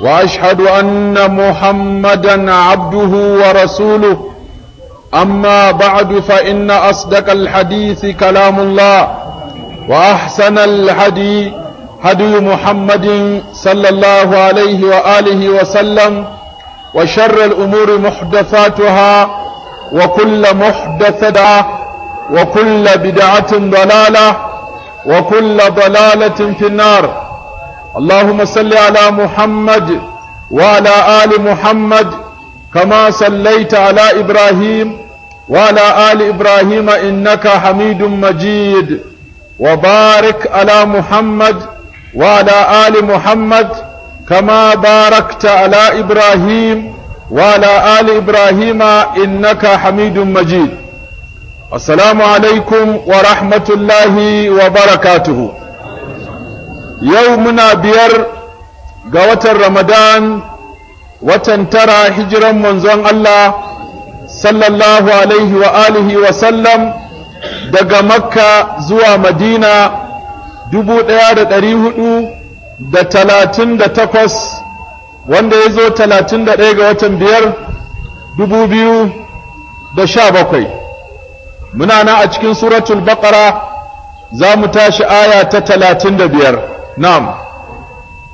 واشهد ان محمدا عبده ورسوله اما بعد فان اصدق الحديث كلام الله واحسن الهدي هدي محمد صلى الله عليه واله وسلم وشر الامور محدثاتها وكل محدثه وكل بدعه ضلاله وكل ضلاله في النار اللهم صل على محمد وعلى آل محمد كما صليت على إبراهيم وعلى آل إبراهيم إنك حميد مجيد وبارك على محمد وعلى آل محمد كما باركت على إبراهيم وعلى آل إبراهيم إنك حميد مجيد السلام عليكم ورحمة الله وبركاته yau muna biyar ga watan ramadan watan tara hijiran manzon Allah sallallahu alaihi wa alihi wa sallam daga makka zuwa madina dubu ɗaya da ɗari hudu da talatin da takwas wanda ya zo talatin da ɗaya ga watan biyar dubu biyu da sha bakwai muna nan a cikin suratul baƙara za mu tashi aya ta talatin da biyar نعم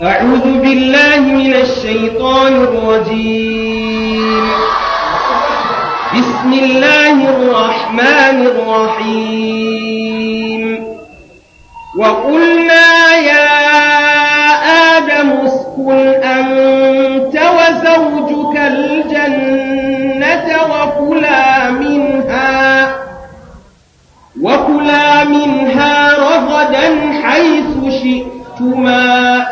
أعوذ بالله من الشيطان الرجيم بسم الله الرحمن الرحيم وقلنا يا آدم اسكن أنت وزوجك الجنة وكلا منها وكلا منها رغدا حيث فكلتما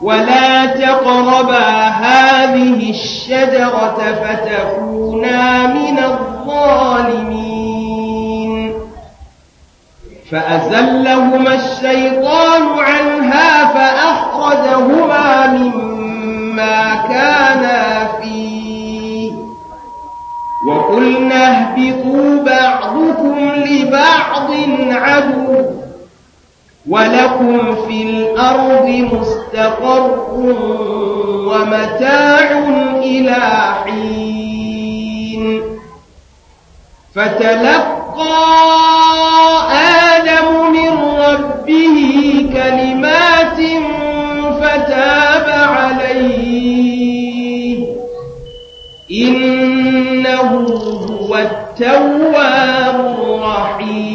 ولا تقربا هذه الشجرة فتكونا من الظالمين فأزلهما الشيطان عنها فأخرجهما مما كانا فيه وقلنا اهبطوا بعضكم لبعض عدو ولكم في الأرض مستقر ومتاع إلى حين فتلقى آدم من ربه كلمات فتاب عليه إنه هو التواب الرحيم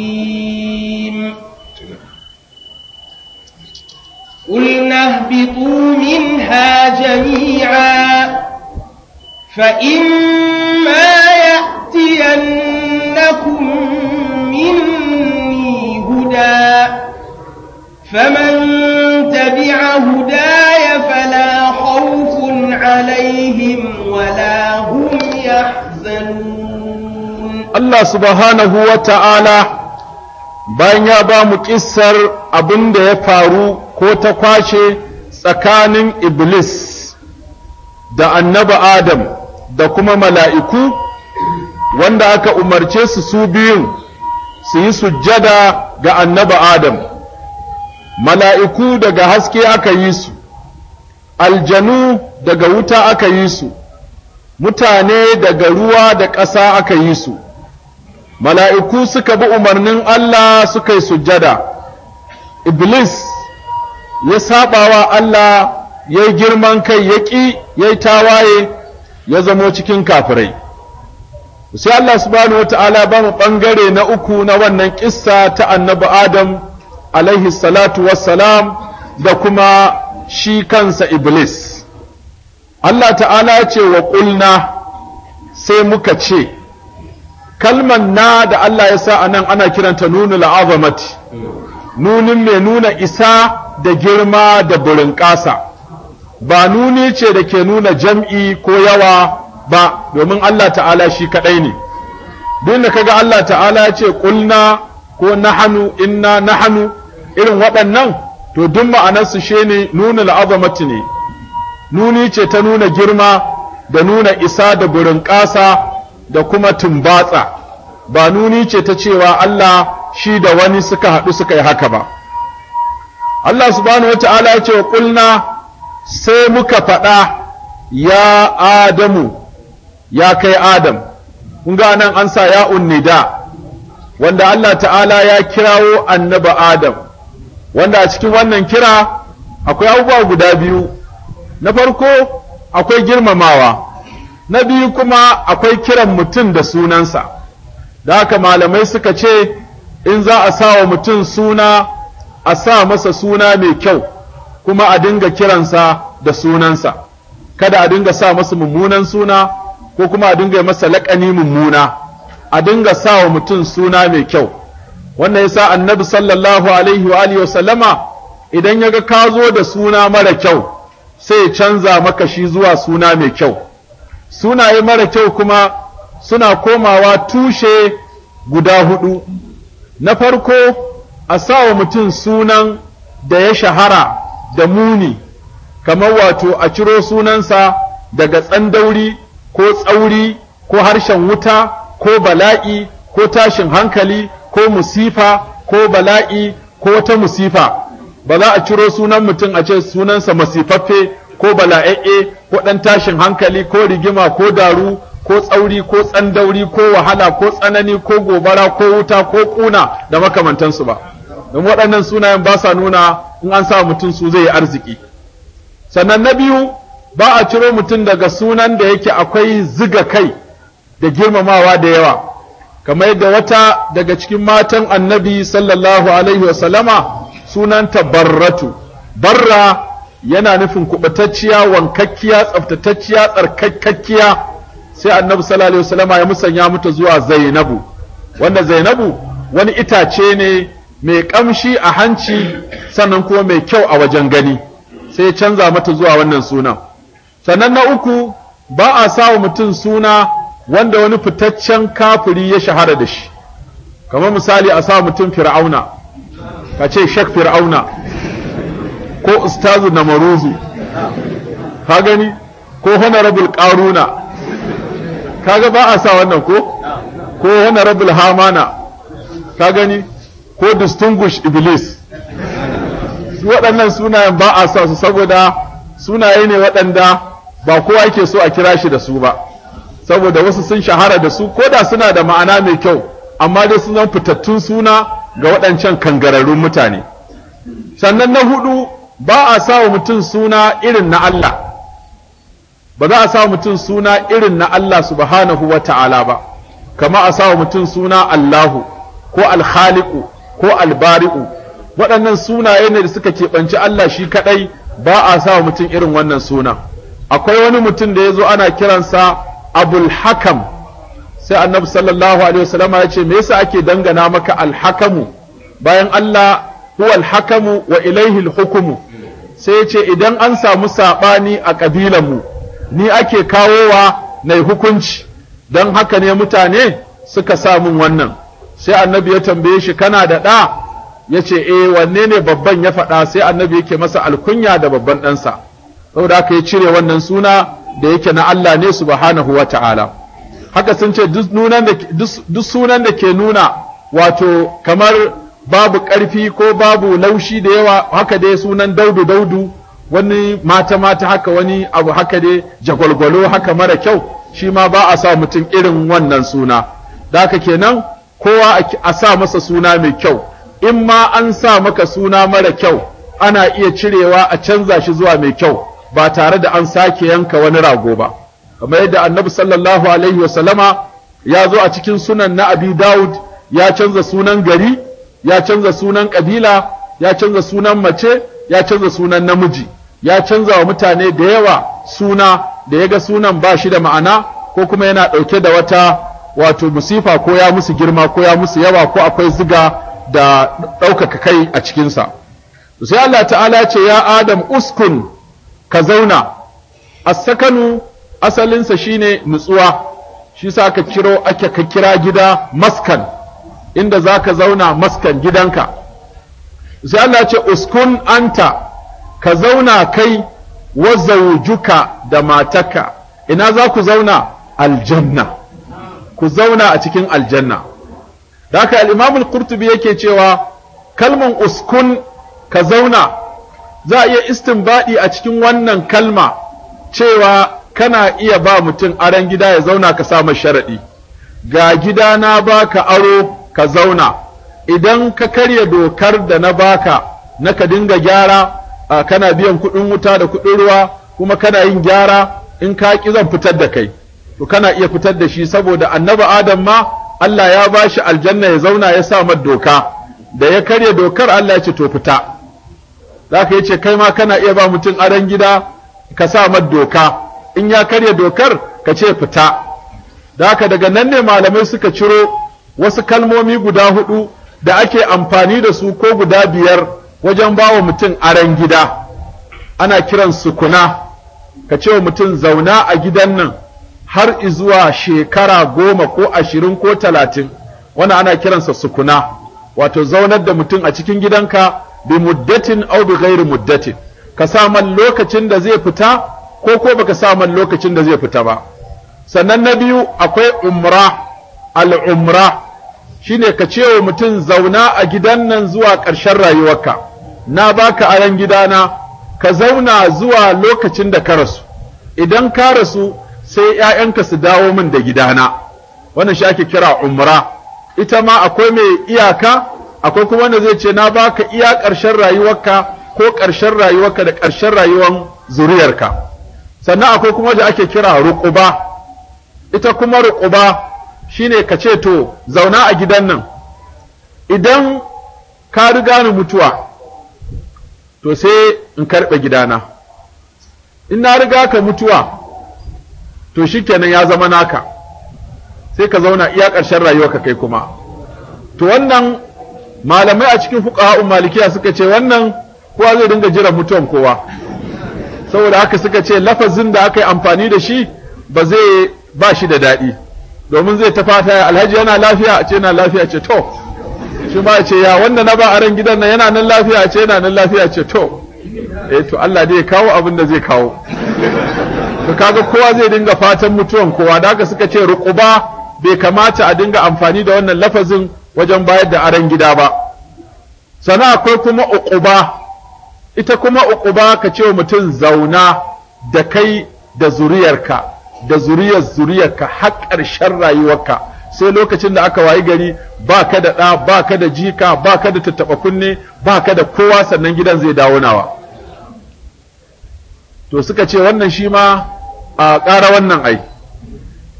قلنا اهبطوا منها جميعا فإما يأتينكم مني هدى فمن تبع هداي فلا خوف عليهم ولا هم يحزنون الله سبحانه وتعالى بين ya مكسر ابن ده فاروق ko ta kwashe tsakanin iblis da annabi adam da kuma mala'iku wanda aka umarce su su biyun su yi sujjada ga annabi adam mala'iku daga haske aka yi su aljanu daga wuta aka yi su mutane daga ruwa da ƙasa aka yi su mala'iku suka bi umarnin Allah suka yi sujjada iblis ya wa Allah ya yi girman kai ya ƙi ya yi tawaye ya zamo cikin kafirai sai Allah subhanahu ta'ala ba mu ɓangare na uku na wannan ƙissa ta annabi Adam alaihi salatu wassalam da kuma shi kansa Iblis Allah ta'ala ce wa ƙulna sai muka ce kalman na da Allah ya sa a nan ana kiranta nuna la'azamati nunin mai nuna isa da girma da burin ƙasa ba nuni ce da ke nuna jam'i ko yawa ba domin Allah ta'ala shi kaɗai ne duk da kaga Allah ta'ala ce ƙulna ko na hannu nahanu na nahanu irin waɗannan to duk ma'anarsu shi ne nuna la'azamati ne nuni ce ta nuna girma da nuna isa da burin ƙasa da kuma tumbatsa ba nuni ce ta cewa Allah shi da wani suka haɗu suka yi haka ba Allah subhanahu wata'ala ya ce wa kulna sai muka faɗa ya adamu ya kai adam kun ga nan an sa ya unnida wanda Allah ta'ala ya kirawo annaba adam wanda a cikin wannan kira akwai abubuwa guda biyu na farko akwai girmamawa na biyu kuma akwai kiran mutum da sunansa da haka malamai suka ce in za a sawa wa mutum suna a sa masa suna mai kyau kuma a dinga kiransa da sunansa kada a dinga sa masa mummunan suna ko kuma a dinga masa laƙani mummuna a dinga sa wa mutum suna mai kyau wannan yasa annabi sallallahu alaihi wa alihi sallama idan ya ga ka zo da suna mara kyau sai canza maka shi zuwa suna mai kyau sunaye mara kyau kuma suna komawa tushe guda hudu na farko a sa wa mutum sunan da ya shahara da muni kamar wato a ciro sunansa daga tsandauri ko tsauri ko harshen wuta ko bala'i ko tashin hankali ko musifa ko bala'i ko wata musifa ba za a ciro sunan mutum a ce sunansa masifaffe ko bala'e'e ko ɗan tashin hankali ko rigima ko daru ko tsauri ko tsandauri ko wahala ko tsanani ko gobara ko wuta ko ƙuna da makamantansu ba. don waɗannan sunayen ba sa nuna in an sa mutum su zai yi arziki sannan na biyu ba a ciro mutum daga sunan da yake akwai ziga kai da girmamawa da yawa kamar yadda wata daga cikin matan annabi sallallahu alaihi wasallama sunanta barratu barra yana nufin kubatacciya wankakkiya tsaftatacciya tsarkakkakkiya sai annabi sallallahu alaihi wasallama ya musanya mata zuwa zainabu wanda zainabu wani itace ne mai kamshi a hanci sannan kuma mai kyau a wajen gani sai ya canza mata zuwa wannan suna sannan na uku ba a sawa mutum suna wanda wani fitaccen kafiri ya shahara da shi kamar misali a sa mutum fir'auna ka ce shek fir'auna ko ustazu na maruzu ka gani ko honorable karuna kaga ba a sa wannan ko ko honorable hamana ka gani ko distinguish iblis waɗannan sunayen ba a sa su saboda sunaye ne waɗanda ba kowa yake so a kira shi da su ba saboda wasu sun shahara da su ko da suna da ma'ana mai kyau amma dai sun zama fitattun suna ga waɗancan kangararrun mutane sannan na hudu ba a sa wa mutum suna irin na Allah ba za a sa mutum suna irin na Allah subhanahu wa ta'ala ba kama a sa wa mutum suna Allahu ko alhaliku ko albari'u waɗannan sunaye ne da suka keɓanci Allah shi kaɗai ba a sa mutum irin wannan suna akwai wani mutum da ya zo ana kiransa abul hakam sai annabi sallallahu alaihi wasallam ya ce me yasa ake dangana maka alhakamu bayan Allah huwa alhakamu wa ilaihi hukumu. sai ya ce idan an samu sabani a kabilan mu ni ake kawowa mai hukunci don haka ne mutane suka samun wannan sai annabi ya tambaye shi kana da ɗa ya ce eh wanne ne babban ya faɗa sai annabi yake masa alkunya da babban ɗansa saboda haka ya cire wannan suna da yake na Allah ne subhanahu wa ta'ala haka sun ce duk sunan da ke nuna wato kamar babu ƙarfi ko babu laushi da yawa haka dai sunan daudu daudu wani mata mata haka wani abu haka dai jagwalgwalo haka mara kyau shi ma ba a sa mutum irin wannan suna da haka kenan kowa a sa masa suna mai kyau in ma an sa maka suna mara kyau ana iya cirewa a canza shi zuwa mai kyau ba tare da an sake yanka wani rago ba kamar yadda annabi sallallahu alaihi wasallama ya zo a cikin sunan na abi dawud ya canza sunan gari ya canza sunan kabila ya canza sunan mace ya canza sunan namiji ya canza wa mutane da yawa suna da ya ga sunan ba shi da ma'ana ko kuma yana ɗauke da wata wato musifa ko ya musu girma ko ya musu yawa ko akwai ziga da ɗaukaka kai a cikinsa sai Allah ta'ala ce ya adam uskun ka zauna asakanu sakanu asalinsa shine nutsuwa shi sa ka kiro ake ka kira gida maskan inda za ka zauna maskan gidanka sai Allah ce uskun anta ka zauna kai wa da mataka ina za ku zauna aljanna ku zauna a cikin aljanna da haka al-Imam al-Qurtubi yake cewa kalman uskun ka zauna za a iya istinbadi a cikin wannan kalma cewa kana iya ba mutum aron gida ya zauna ka sa sharaɗi ga gida na baka aro ka zauna idan ka karya dokar da na baka na ka dinga gyara kana biyan kuɗin wuta da kuɗin ruwa kuma kana yin gyara in ka ƙi zan fitar da kai to kana iya fitar da shi saboda annabi adam ma Allah ya ba shi aljanna ya zauna ya sa mai doka da ya karya dokar Allah ya ce to fita zaka yace kai ma kana iya ba mutum aran gida ka sa mai doka in ya karya dokar ka ce fita haka daga nan ne malamai suka ciro wasu kalmomi guda hudu da ake amfani da su ko guda biyar wajen bawa mutum aran gida ana kiran sukuna ka ce wa mutum zauna a gidan nan har izuwa shekara goma ko ashirin ko talatin wannan ana kiransa sukuna wato zaunar da mutum a cikin gidanka bi muddatin au bi ghairi muddatin ka sa lokacin da zai fita ko ko baka sa man lokacin da zai fita ba sannan na biyu akwai umra al'umra shine ka ce wa mutum zauna a gidan nan zuwa ƙarshen rayuwarka na baka aran gidana ka zauna zuwa lokacin da ka rasu idan ka rasu sai ‘ya'yanka su dawo min da gidana, wannan shi ake kira umra, ita ma akwai mai iyaka, akwai kuma wanda zai ce na baka iya ƙarshen rayuwarka ko ƙarshen rayuwarka da ƙarshen rayuwar zuriyarka. Sannan akwai kuma da ake kira rukuba, ita kuma ruƙuba shine ka ce to zauna a gidan nan, idan ka riga ni mutuwa, to sai in karɓe gidana. In na riga ka mutuwa, to kenan ya zama naka sai ka zauna iya ƙarshen ka kai kuma to wannan malamai a cikin fuqaha'un malikiya suka ce wannan kowa zai dinga jiran mutum kowa saboda haka suka ce lafazin da aka yi amfani da shi ba zai ba shi da daɗi domin zai ta fata alhaji yana lafiya a ce yana lafiya ce to shi ba ce ya wanda na ba a ran gidan nan yana nan lafiya a ce yana nan lafiya ce to eh to Allah dai ya kawo abin da zai kawo to kaga kowa zai dinga fatan mutuwan kowa da haka suka ce ruquba bai kamata a dinga amfani da wannan lafazin wajen bayar da aran gida ba sana akwai kuma uquba ita kuma uquba ka ce mutum zauna da kai da zuriyarka da zuriyar zuriyarka har ƙarshen rayuwarka sai lokacin da aka wayi gari ba ka da ɗa ba ka da jika ba ka da tattaɓa kunne ba ka da kowa sannan gidan zai dawo nawa to suka ce wannan shi ma a ƙara wannan ai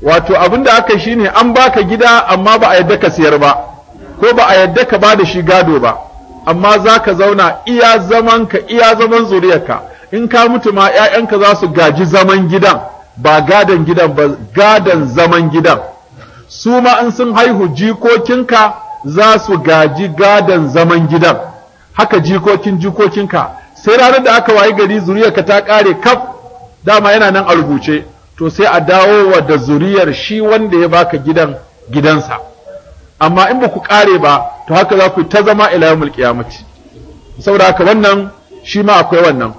wato abin da aka shine an baka gida amma ba a yadda ka siyar ba ko ba a yadda ka ba da shi gado ba amma za ka zauna iya zaman ka iya zaman zuriyarka in ka mutu ma 'ya'yanka za su gaji zaman gidan ba gadon gidan ba gadon zaman gidan su ma in sun haihu jikokinka za su gaji gadon zaman gidan haka jikokin jikokinka sai ranar da aka wayi gari zuriyarka ta ƙare kaf dama yana nan a rubuce to sai a dawo wa da zuriyar shi wanda ya baka gidan gidansa amma in ba ku kare ba to haka za ku ta zama ila yawmul qiyamati saboda haka wannan shi ma akwai wannan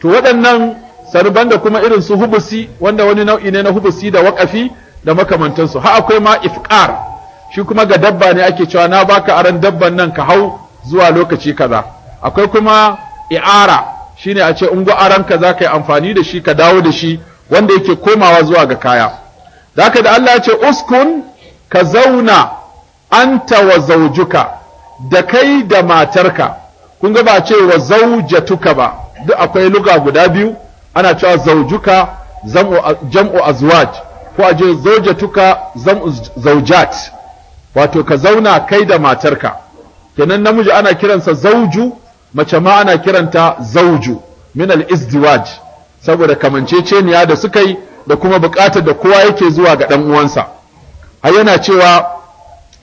to waɗannan sarban da kuma irin su hubusi wanda wani nau'i ne na hubusi da wakafi da makamantansu har akwai ma ifqar shi kuma ga dabba ne ake cewa na baka aran dabban nan ka hau zuwa lokaci kaza akwai kuma i'ara shine a ce ungo aranka za ka yi amfani da shi ka dawo da shi wanda yake komawa zuwa ga kaya da haka da Allah ya ce uskun ka zauna anta wa zaujuka da kai da matarka kun ga ba ce wa zaujatuka ba duk akwai luga guda biyu ana cewa zaujuka jam'u azwaj ko a je zaujatuka zam'u zaujat wato ka zauna kai da matarka kenan namiji ana kiransa zauju mace ma ana kiranta zauju min al-izdiwaj saboda kamanceceniya da suka yi da kuma buƙatar da kowa yake zuwa ga ɗan uwansa har yana cewa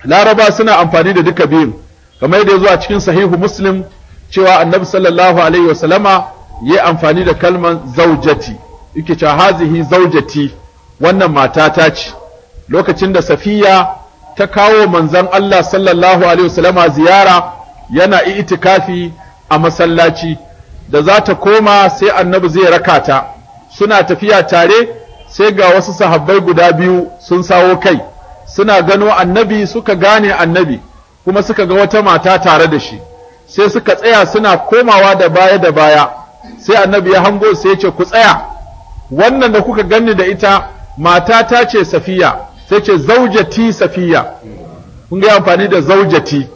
laraba suna amfani da duka biyun kamar da zuwa cikin sahihu muslim cewa annabi sallallahu alaihi wasallama ya amfani da kalman zaujati yake cewa hazihi zaujati wannan mata ta ce lokacin da safiya ta kawo manzon Allah sallallahu alaihi wasallama ziyara yana itikafi a masallaci da za ta koma sai annabi zai rakata suna tafiya tare sai ga wasu sahabbai guda biyu sun sawo kai suna gano annabi suka gane annabi kuma suka ga wata mata tare da shi sai suka tsaya suna komawa da baya da baya sai annabi ya hango sai ya ce ku tsaya wannan da kuka gani da ita mata ta ce safiya sai ce zaujati safiya kun ga amfani da zaujati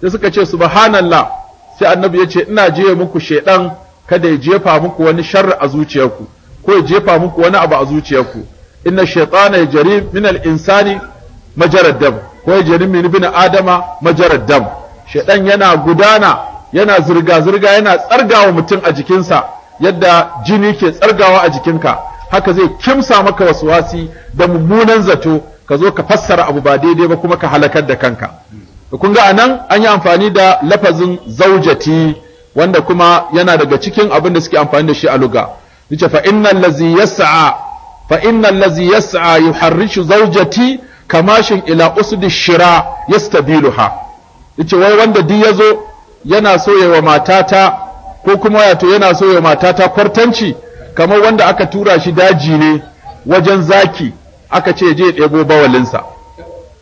sai suka ce subhanallah sai annabi ya ce ina jiye muku shaidan kada ya jefa muku wani sharri a zuciyarku ko ya jefa muku wani abu a zuciyarku inna shaytana yajri min al-insani majarad dam ko yajri min ibn adama majarad dam yana gudana yana zirga zirga yana tsargawa mutum a jikinsa yadda jini ke tsargawa a jikinka haka zai kimsa maka waswasi da mummunan zato ka zo ka fassara abu ba daidai ba kuma ka halakar da kanka kun ga anan an yi amfani da lafazin zaujati wanda kuma yana daga cikin abin da suke amfani da shi a luga yace fa innal ladzi yas'a fa innal ladzi yas'a yuharrishu zaujati kamashin ila usdi shira yastabiluha yace wai wanda duk yazo yana so yawa matata ko kuma wato yana so yawa matata kwartanci kamar wanda aka tura shi daji ne wajen zaki aka ce je ya ɗebo bawalinsa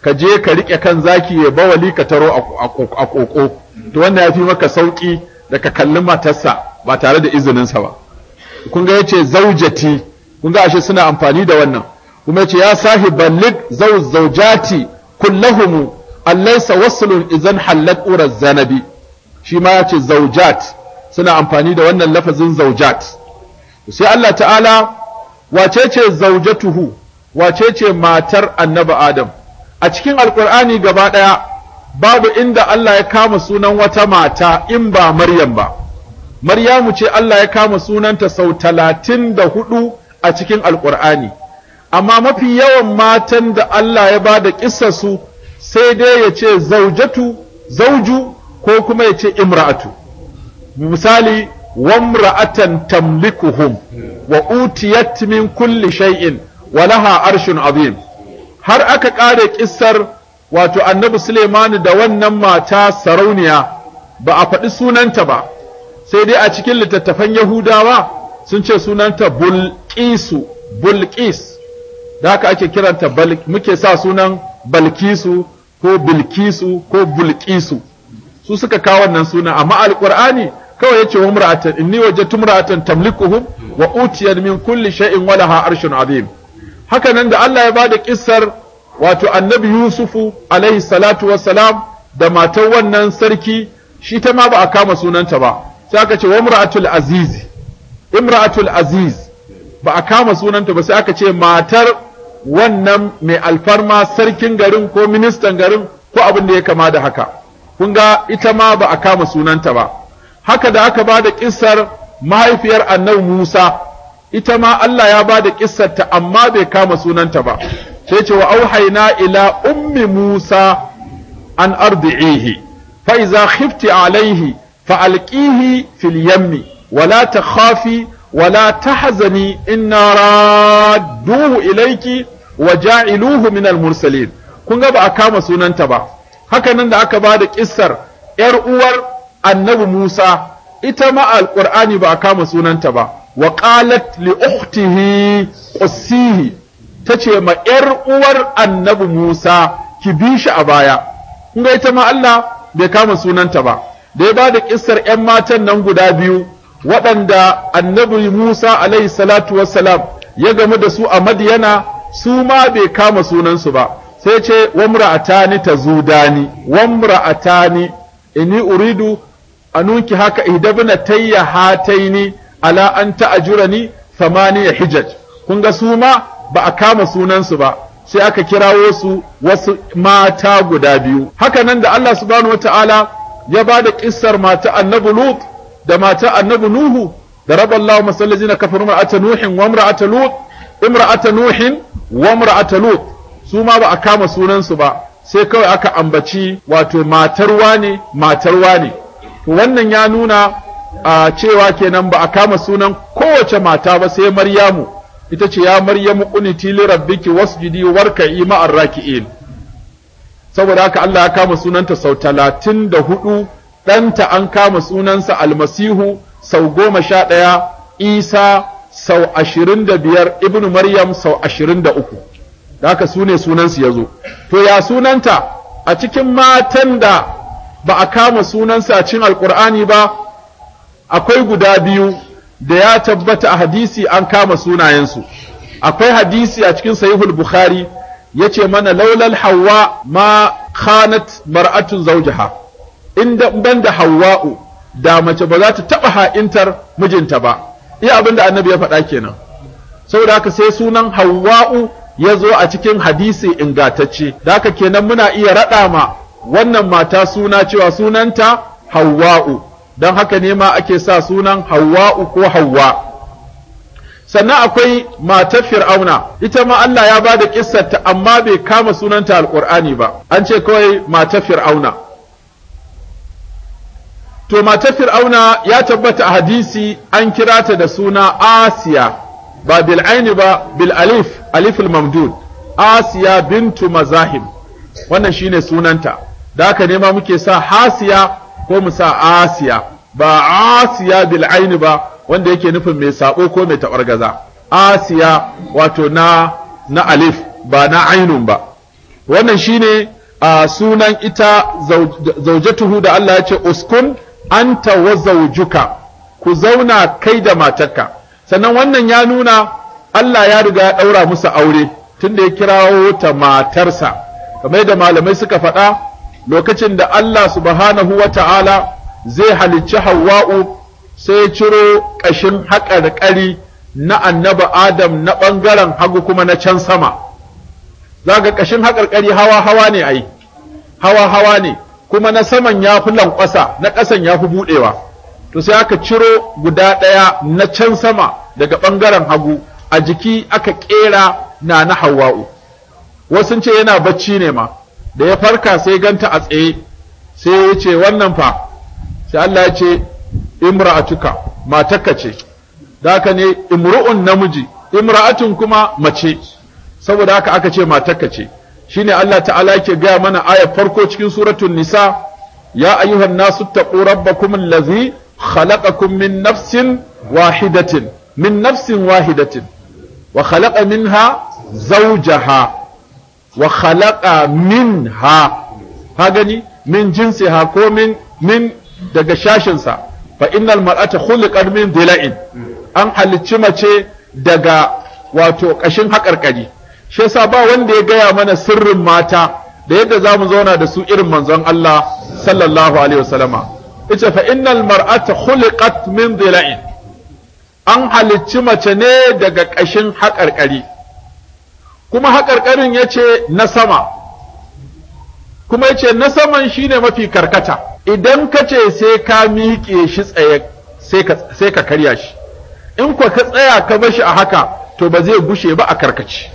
ka je ka riƙe kan zaki ya bawali ka taro a ƙoƙo to wannan ya fi maka sauƙi da ka kalli matarsa ba tare da izininsa ba kun ga yace zaujati kun ga ashe suna amfani da wannan kuma yace ya sahi ballig zauj zaujati kullahum allaysa waslun idan hallat ura zanabi shi ma yace zaujat suna amfani da wannan lafazin zaujat sai Allah ta'ala wace ce zaujatuhu wace ce matar annabi Adam a cikin alkur'ani gaba ɗaya babu inda Allah ya kama sunan wata mata in ba Maryam ba Maryamu ce Allah ya kama sunanta sau talatin da hudu a cikin alkur'ani amma mafi yawan matan da Allah ya ba da su sai dai ya ce zaujatu zauju ko kuma ya ce imra'atu misali wamra'atan tamlikuhum wa utiyat min kulli shay'in wa laha arshun azim har aka ƙare ƙissar wato annabi Suleimani da wannan mata sarauniya ba a faɗi sunanta ba sai dai a cikin littattafan Yahudawa sun ce sunanta Bulqisu Bulqis da haka ake kiranta muke sa sunan Balkisu ko Bilkisu ko Bulqisu su suka kawo wannan suna amma alqur'ani kawai yace wa inni waje imra'atan tamlikuhum wa utiyar min kulli shay'in walaha arshin arshun azim haka nan da Allah ya bada kissar wato annabi Yusufu alaihi salatu wassalam da matar wannan sarki shi ta ma ba a kama sunanta ba sai aka ce imra'atul aziz imra'atul aziz ba a kama sunanta ba sai aka ce matar wannan mai alfarma sarkin garin ko ministan garin ko abin da ya kama da haka kun ga ita ma ba a kama sunanta ba haka da aka bada da kissar mahaifiyar annabi Musa ita ma Allah ya ba da kissarta amma bai kama sunanta ba sai ce wa auhaina ila ummi Musa an ardi'ihi fa iza khifti alaihi fa alqihi fil yammi wala khafi, wala tahzani inna radduhu ilaiki, wa ja'iluhu min al mursalin kun ga ba a kama sunanta ba haka nan da aka ba da yar uwar annabi Musa ita ma alqur'ani ba a kama sunanta ba wa qalat li ukhtihi qussihi tace ma yar uwar annabi Musa ki bi shi a baya In ga ita ma Allah bai kama sunanta ba da ya bada kissar ƴan matan nan guda biyu waɗanda annabi Musa alaihi salatu wassalam ya gamu da su a madyana su ma bai kama sunansu ba sai ce wamra'atani tazudani wamra'atani inni uridu anunki haka ihdabna tayya ala an ta'ajurani thamaniya hijaj kun ga su ma ba a kama sunansu ba sai aka kirawo su wasu mata guda biyu haka nan da Allah subhanahu wataala ya ba da kissar mata annabi Lut da mata annabi Nuhu da raballahu masallajina kafaru mar'ata nuhin wa imra'ata lut imra'ata nuhin wa Suma lut su ma ba a kama sunansu ba sai kawai aka ambaci wato matar wane matar wane wannan ya nuna a cewa kenan ba a kama sunan kowace mata ba sai Maryamu ita ce ya Maryamu quniti li rabbiki wasjidi warka'i ma'ar raki'in saboda haka Allah ya kama sunanta sau talatin da hudu ɗanta an kama sunansa almasihu sau goma sha ɗaya isa sau ashirin da biyar ibnu maryam sau ashirin da uku da haka su ne sunansu ya zo to ya sunanta a cikin matan da ba a kama sunansa a cikin alkur'ani ba akwai guda biyu da ya tabbata a hadisi an kama sunayensu akwai hadisi a cikin sahihul bukhari yace mana laulal hawa ma khanat mar'atun zawjaha inda ban da hawa'u da mace ba za ta taba ha'intar mijinta ba iya abinda annabi ya faɗa kenan saboda haka sai sunan hawa'u ya zo a cikin hadisi ingatacce da haka kenan muna iya raɗa ma wannan mata suna cewa sunanta hawa'u don haka ne ma ake sa sunan Hawwa'u ko Hawwa sannan akwai matar Fir'auna ita ma Allah ya bada kissarta amma bai kama sunanta alqur'ani ba an ce kawai matar Fir'auna to matar Fir'auna ya tabbata a hadisi an kira ta da suna Asiya ba bil aini ba bil alif aliful mamdud Asiya bintu mazahim wannan shine sunanta da haka ne ma muke sa Hasiya ko mu sa asiya ba asiya bil aini ba wanda yake nufin mai sabo ko mai gaza. asiya wato na na alif ba na ainun ba wannan shine a sunan ita zaujatuhu da Allah ya ce uskun anta wa zaujuka ku zauna kai da matarka sannan wannan ya nuna Allah ya riga ya daura musu aure tunda ya kirawo ta matarsa kamar da malamai suka faɗa lokacin da Allah subhanahu wa ta'ala zai halicci Hawwa'u sai ciro ƙashin haƙarƙari na annaba Adam na ɓangaren hagu kuma na can sama. Za ga ƙashin haƙarƙari hawa-hawa ne yi, hawa-hawa ne, kuma na saman ya fi lankwasa, na ƙasan ya fi buɗewa. To sai aka ciro guda ɗaya na can sama daga ɓangaren hagu, a jiki aka ƙera na na Hawwa'u. Wasu ce yana bacci ne ma. da ya farka sai ganta a tsaye sai ya ce wannan fa sai Allah ya ce imra'atuka matarka ce da haka ne imru'un namiji imra'atun kuma mace saboda haka aka ce matarka ce shine Allah ta'ala yake gaya mana aya farko cikin suratul nisa ya ayyuhan nasu taqu rabbakum allazi khalaqakum min nafsin wahidatin min nafsin wahidatin wa khalaqa minha zawjaha wa khalaqa min ha gani min ha ko min min daga shashinsa fa innal mar'ata khuliqat min dila'in an halicci mace daga wato kashin haƙarƙari shi yasa ba wanda ya gaya mana sirrin mata da yadda za mu zauna da su irin manzon Allah sallallahu alaihi wasallama ita fa innal mar'ata khuliqat min dila'in an halicci mace ne daga kashin haƙarƙari kuma haƙarƙarin ya ce na sama kuma ya ce na saman shine mafi karkata idan ka ce sai ka miƙe shi tsaye sai ka karya shi in kwa ka tsaya ka bashi a haka to ba zai gushe ba a karkace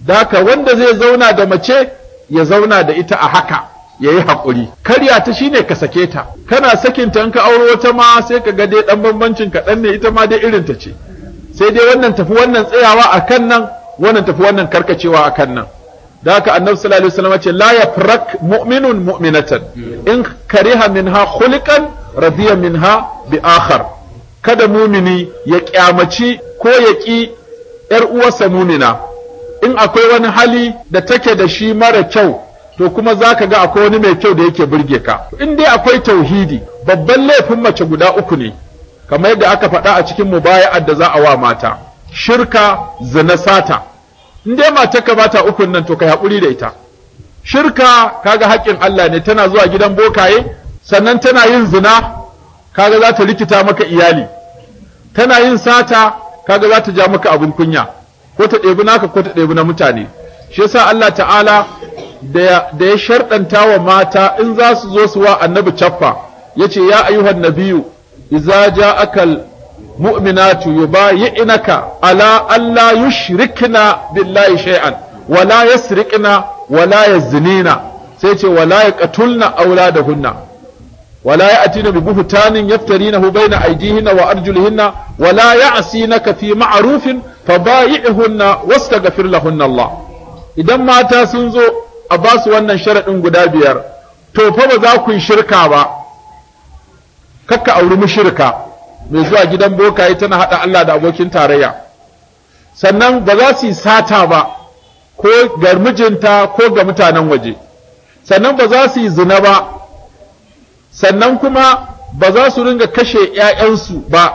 daka wanda zai zauna da mace ya zauna da ita a haka ya yi haƙuri karya ta shine ka sake ta kana sakinta in ka auro wata ma sai ka ga dai ɗan bambancin kaɗan ne ita ma dai irin ta ce sai dai wannan tafi wannan tsayawa a kan nan wannan tafi wannan karkacewa akan nan da haka annabi sallallahu alaihi wasallam ce la yafrak mu'minun mu'minatan in kariha minha khuliqan radiya minha bi akhar kada mumini ya kyamaci ko ya ki yar uwarsa mumina in akwai wani hali da take da shi mara kyau to kuma zaka ga akwai wani mai kyau da yake burge ka in dai akwai tauhidi babban laifin mace guda uku ne kamar yadda aka faɗa a cikin mubaya'ar da za a wa mata shirka zina sata in dai mata ka bata ukun nan to kai haƙuri da ita shirka kaga haƙƙin Allah ne tana zuwa gidan bokaye sannan tana yin zina kaga za ta rikita maka iyali tana yin sata kaga za ta ja maka abin kunya ko ta ɗebi naka ko ta ɗebi na mutane shi yasa Allah ta'ala da ya sharɗanta wa mata in za su zo su wa annabi caffa yace ya ayyuhan nabiyyu idza ja'akal mu'minatu yubayi'naka ala alla yushrikna billahi shay'an wala yasriqna wala yazinina sai ce wala yaqtulna auladahunna wala ya'tina bi yaftari yaftarinahu baina aydihinna wa arjulihinna wala ya'sinaka fi ma'rufin fabayi'hunna wastaghfir lahunna Allah idan mata sun zo a basu wannan sharadin guda biyar to fa ba za ku yi shirka ba kakka auri mushrika mai zuwa gidan bokaye tana haɗa Allah da abokin tarayya sannan ba za su yi sata ba ko ga mijinta ko ga mutanen waje sannan ba za su yi zina ba sannan kuma ba za su ringa kashe 'ya'yansu ba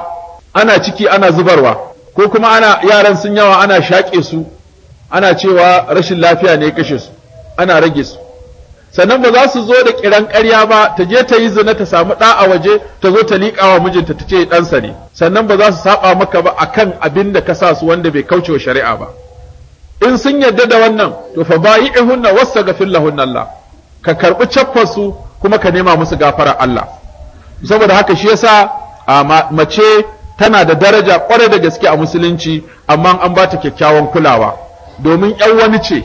ana ciki ana zubarwa ko kuma ana yaran sun yawa ana shaƙe su ana cewa rashin lafiya ne kashe su ana rage su sannan ba za su zo da kiran ƙarya ba ta je ta yi zina ta samu ɗa a waje ta zo ta liƙa wa mijinta ta ce ɗansa ne sannan ba za su saba maka ba akan abin da ka sa su wanda bai kauce wa shari'a ba in sun yarda da wannan to fa bayi'ihunna ga lahunna Allah ka karɓi caffar su kuma ka nema musu gafara Allah saboda haka shi yasa mace tana da daraja kwarai da gaske a musulunci amma an ba ta kyakkyawan kulawa domin ‘yan wani ce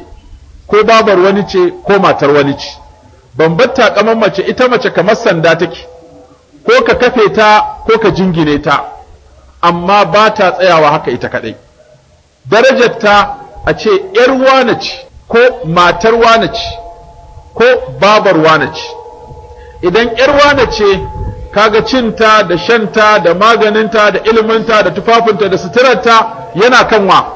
ko babar wani ce ko matar wani ce bar takaman mace ita mace kamar sanda take ko ka kafe ta ko ka jingine ta amma ba ta tsayawa haka ita kadai darajar ta a ce yar wane ce ko matar wane ce ko babar wane ce idan yar wane ce kaga cinta da shanta da maganinta da iliminta da tufafinta da suturarta yana kan wa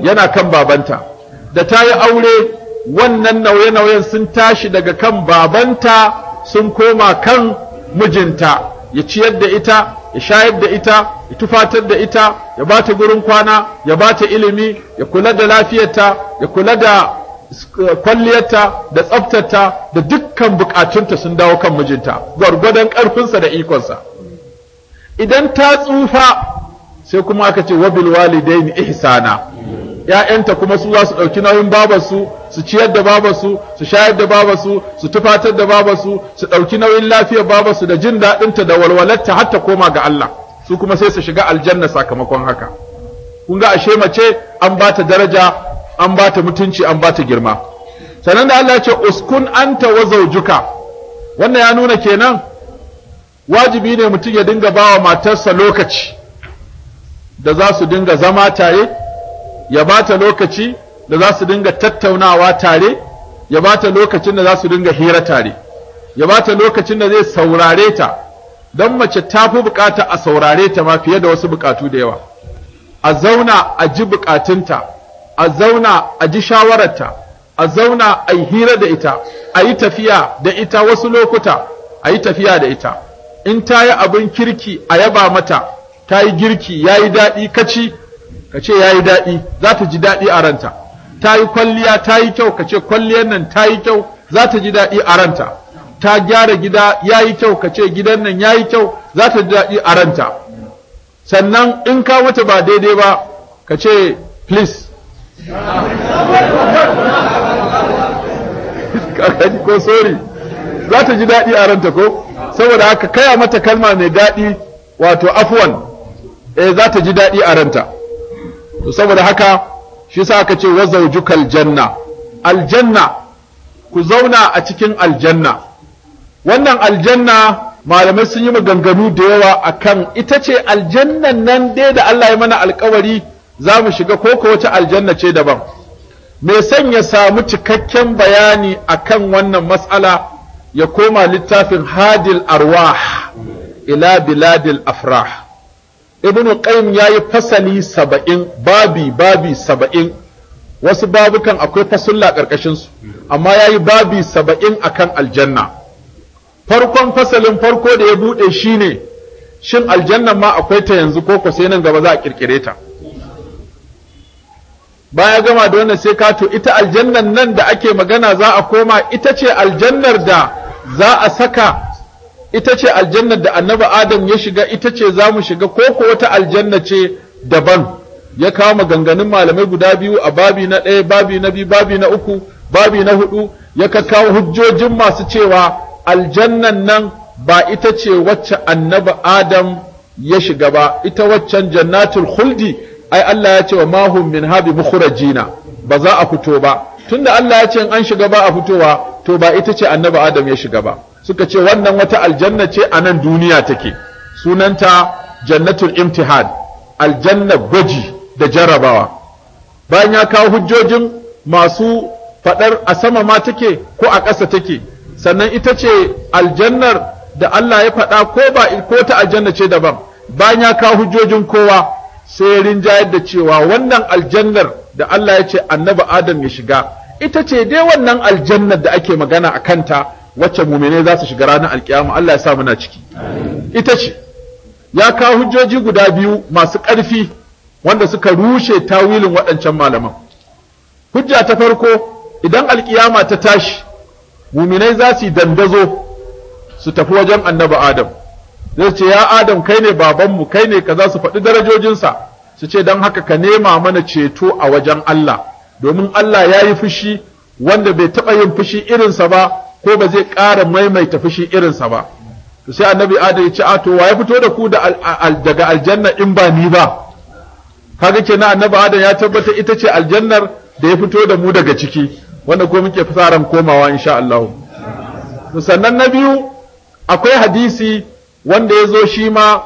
yana kan babanta da ta yi aure wannan nauye-nauyen sun tashi daga kan babanta sun koma kan mijinta ya ciyar da ita ya shayar da ita ya tufatar da ita ya ba ta gurin kwana ya ba ta ilimi ya kula da lafiyarta ya kula da eh, kwalliyarta da tsaftarta da dukkan bukatunta sun dawo kan mijinta gwargwadon karfinsa da ikonsa idan ta tsufa sai kuma aka ce wabil walidaini ihsana ‘ya'yanta kuma su za su ɗauki nauyin babarsu su ciyar da babasu, su shayar da babasu, su tufatar da babasu, su ɗauki nauyin lafiyar babasu da jin daɗinta da walwalarta har ta koma ga Allah su kuma sai su shiga aljanna sakamakon haka kun ga ashe mace an ba ta daraja an ba ta mutunci an ba ta girma sannan da Allah ya ce uskun anta wa zawjuka wannan ya nuna kenan wajibi ne mutum ya dinga bawa matarsa lokaci da za su dinga zama tare ya ba ta lokaci da za su dinga tattaunawa tare ya ba ta lokacin da za su dinga hira tare ya ba ta lokacin da zai saurare ta don mace ta fi bukata a saurare ta ma fiye da wasu bukatu da yawa a zauna a ji bukatunta a zauna a ji shawararta a zauna a yi hira da ita a yi tafiya da ita wasu lokuta a yi tafiya da ita in ta yi abin kirki a yaba mata ta yi girki ya yi daɗi kaci ka ce ya yi daɗi za ta ji daɗi a ranta ta yi kwalliya ta yi kyau ka ce kwalliyar nan ta yi kyau za ta ji daɗi a ranta ta gyara gida ya yi kyau ka ce gidan nan ya yi kyau za ta ji daɗi a ranta sannan in ka wuce ba daidai ba ka ce please ko sorry za ta ji daɗi a ranta ko saboda haka kaya mata kalma mai daɗi wato afuwan eh za ta ji daɗi a ranta to saboda haka shi sa aka ce wa zaujukal janna aljanna ku zauna a cikin aljanna wannan aljanna malamai sun yi maganganu da yawa akan ita ce aljannan nan dai da Allah ya mana alkawari za mu shiga ko ko aljanna ce daban mai son ya samu cikakken bayani akan wannan matsala ya koma littafin hadil arwah ila biladil afrah ibn qayyim yayi fasali saba'in babi babi saba'in wasu babukan akwai fasulla karkashin su amma yayi babi saba'in akan aljanna farkon fasalin farko da ya bude shine shin aljanna ma akwai ta yanzu ko ko sai nan gaba za a kirkire ta baya gama da wannan sai kato ita aljannan nan da ake magana za a koma ita ce aljannar da za a saka ita ce aljannar da annabi adam ya shiga ita ce za mu shiga ko ko wata aljanna ce daban ya kawo maganganun malamai guda biyu a babi na ɗaya babi na biyu babi na uku babi na hudu ya kawo hujjojin masu cewa aljannan nan ba ita ce wacce annabi adam ya shiga ba ita waccan jannatul khuldi ai Allah ya ce wa mahum min habi mukhrajina ba za a fito ba tunda Allah ya ce an shiga ba a fitowa to ba ita ce annabi adam ya shiga ba suka ce wannan wata aljanna ce a nan duniya take sunanta jannatul Imtihad, aljanna gwaji da jarabawa bayan ya kawo hujjojin masu fadar a sama ma take ko a ƙasa take sannan ita ce aljannar da Allah ya faɗa ko ba ko ta aljanna ce daban bayan ya kawo hujjojin kowa sai rinjayar da cewa wannan aljannar da Allah ya ce annabi Adam ya shiga ita ce dai wannan aljannar da ake magana a kanta wacce mumene za su shiga ranar alkiyama Allah ya sa muna ciki ita ce ya kawo hujjoji guda biyu masu ƙarfi wanda suka rushe tawilin waɗancan malaman hujja ta farko idan alkiyama ta tashi muminai za su dandazo su tafi wajen annabi adam zai ce ya adam kai ne babanmu kai ne kaza su faɗi darajojinsa su ce don haka ka nema mana ceto a wajen Allah domin Allah ya yi fushi wanda bai taɓa yin fushi irinsa ba ko ba zai ƙara maimaita fushi irinsa ba to sai annabi adam ya ce a to wa ya fito da ku daga aljanna in ba ni ba kaga kenan annabi adam ya tabbata ita ce aljannar da ya fito da mu daga ciki wanda ko muke fasaran komawa insha Allah sannan na biyu akwai hadisi wanda ya zo shi ma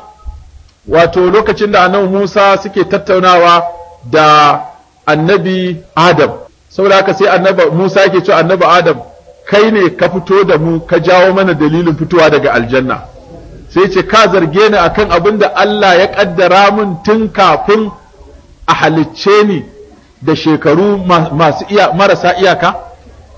wato lokacin da annabi Musa suke tattaunawa da annabi Adam saboda haka sai annabi Musa yake cewa annabi Adam kai ne ka fito da mu ka jawo mana dalilin fitowa daga aljanna sai ce ka zarge ni akan abin da Allah ya kaddara mun tun kafin a halicce ni da shekaru masu iya marasa iyaka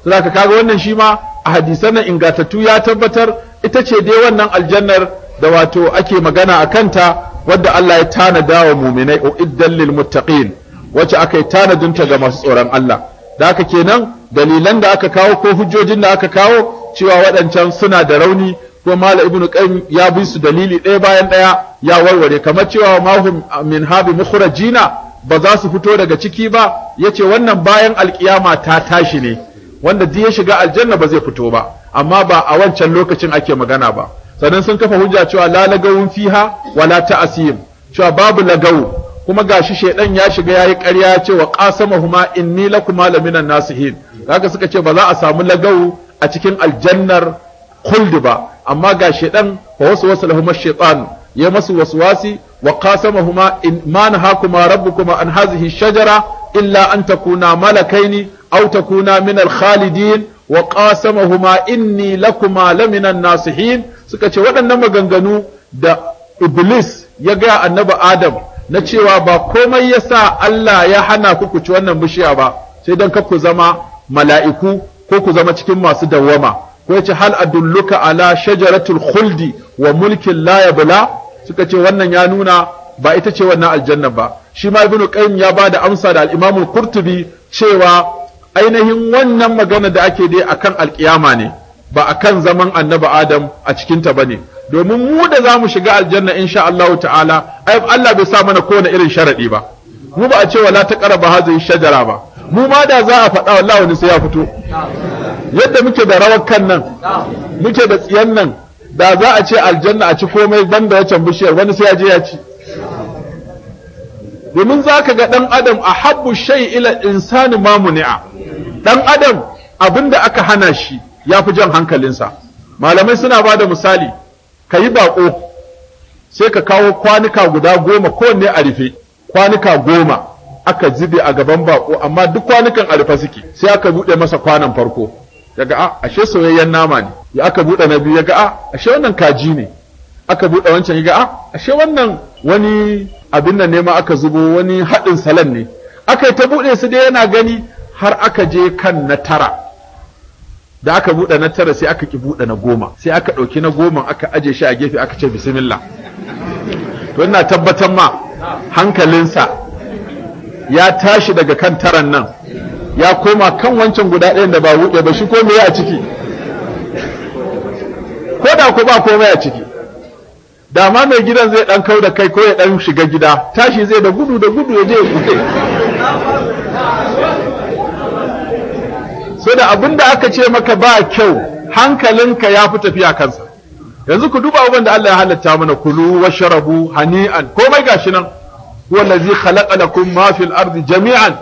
saboda kaga wannan shi ma a hadisan nan ingatattu ya tabbatar ita ce dai wannan aljannar da wato ake magana a kanta wadda Allah ya tanada wa muminai uiddal lil muttaqin wacce aka yi tanadinta ga masu tsoron Allah da haka kenan dalilan da aka kawo ko hujjojin da aka kawo cewa waɗancan suna da rauni ko mala ibnu qayyim ya bi su dalili ɗaya bayan ɗaya ya warware kamar cewa mahum min habi mukhrajina ba za su fito daga ciki ba yace wannan bayan alkiyama ta tashi ne wanda duk ya shiga aljanna ba zai fito ba amma ba a wancan lokacin ake magana ba sannan sun kafa hujja cewa la lagawun fiha wala ta'sim cewa babu lagawu kuma gashi shedan ya shiga yayi ƙarya cewa qasamahuma inni lakuma laminan nasihin zaka suka ce ba za a samu lagau a cikin aljannar khuld ba amma ga shedan fa wasu lahum ash-shaytan ya masu waswasi wa qasamahuma in ma nahakuma rabbukuma an hadhihi shajara illa an takuna malakaini aw takuna min al-khalidin wa qasamahuma inni lakuma lamina nasihin suka ce waɗannan maganganu da iblis ya ga annabi adam na cewa ba komai yasa Allah ya hana ku ku ci wannan bishiya ba sai dan ku zama mala'iku ko ku zama cikin masu dawwama ko yace hal adulluka ala shajaratul khuldi wa mulkin la yabla suka ce wannan ya nuna ba ita ce wannan aljanna ba shi ma ibnu qayyim ya bada amsa da al-imam qurtubi cewa ainihin wannan magana da ake dai akan alkiyama ne ba akan zaman annabi adam a cikin ta bane domin mu da zamu shiga aljanna insha Allah ta'ala ai Allah bai sa mana kowane irin sharadi ba mu ba a ce wala taqrabu hadhihi shajara ba mu ma da za a faɗa wa wani sai ya fito yadda muke da rawar kan nan muke da tsiyan nan da za a ce aljanna a ci komai banda wacan bishiyar wani sai ya je ya ci domin za ka ga ɗan adam a habbu shai ila insani mamuni'a ɗan adam abin da aka hana shi ya fi jan hankalinsa malamai suna ba da misali ka yi baƙo sai ka kawo kwanuka guda goma kowanne a rufe kwanuka goma aka zube a gaban bako amma duk kwanukan alfasuki suke sai aka buɗe masa kwanan farko yaga a ah, ashe soyayyen nama ne ya aka buɗe na biyu yaga a ah, ashe wannan kaji ne aka buɗe wancan yaga a ah, ashe wannan wani abin nan ne ma aka zubo wani haɗin salan ne aka ta buɗe su dai yana gani har aka je kan na tara da aka buɗe na tara sai aka ki buɗe na goma sai aka ɗauki na goma aka aje shi a gefe aka ce bismillah to ina tabbatar ma hankalinsa ya tashi daga kan taran nan ya koma kan wancan guda ɗayan da ba wuɗe ba shi ko me a ciki ko da ko ba komai a ciki da mai gidan zai ɗan kau da kai ko ya ɗan shiga gida tashi zai da gudu da gudu ya je ya so da abin da aka ce maka ba kyau hankalinka ya fi tafiya kansa yanzu ku duba abin da Allah ya halatta mana kulu sharabu hani'an komai gashi nan huwa allazi khalaqa lakum ma fil jami'an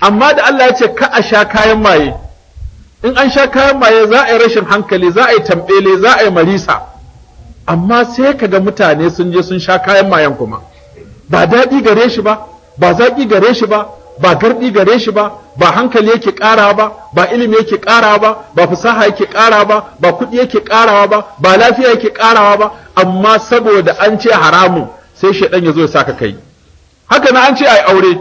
amma da Allah ya ce ka a sha kayan maye in an sha kayan maye za a yi rashin hankali za a yi tambele za a yi marisa amma sai kaga mutane sun je sun sha kayan mayen kuma ba daɗi gare shi ba ba zaƙi gare ba ba garɗi gareshi shi ba ba hankali yake ƙara ba ba ilimi yake ƙara ba ba fasaha yake ƙara ba ba kuɗi yake ƙarawa ba ba lafiya yake ƙarawa ba amma saboda an ce haramun sai shaidan ya zo ya saka kai haka na an ce a yi aure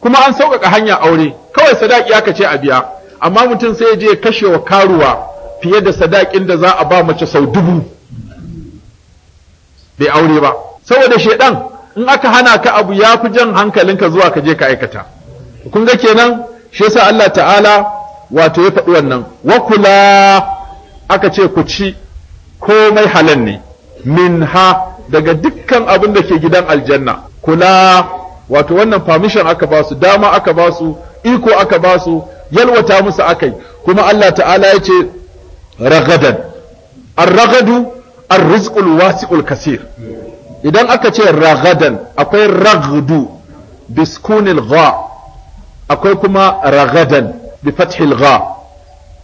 kuma an sauƙaƙa hanya aure kawai sadaki aka ce a biya amma mutum sai ya je kashe wa karuwa fiye da sadakin da za a ba mace sau dubu bai aure ba saboda shedan in aka hana ka abu ya fi jan hankalinka zuwa ka je ka aikata kun ga kenan shi yasa Allah ta'ala wato ya faɗi wannan wa kula aka ce ku ci komai halal ne Min ha, daga dukkan abin da ke gidan aljanna kula wato wannan permission aka ba su dama aka ba su iko aka ba su yalwata musu akai kuma Allah ta'ala ya ce ragadan ar-ragadu ar-rizqul wasi'ul kasir idan aka ce ragadan akwai ragdu biskunil gha akwai kuma ragadan bi fathil gha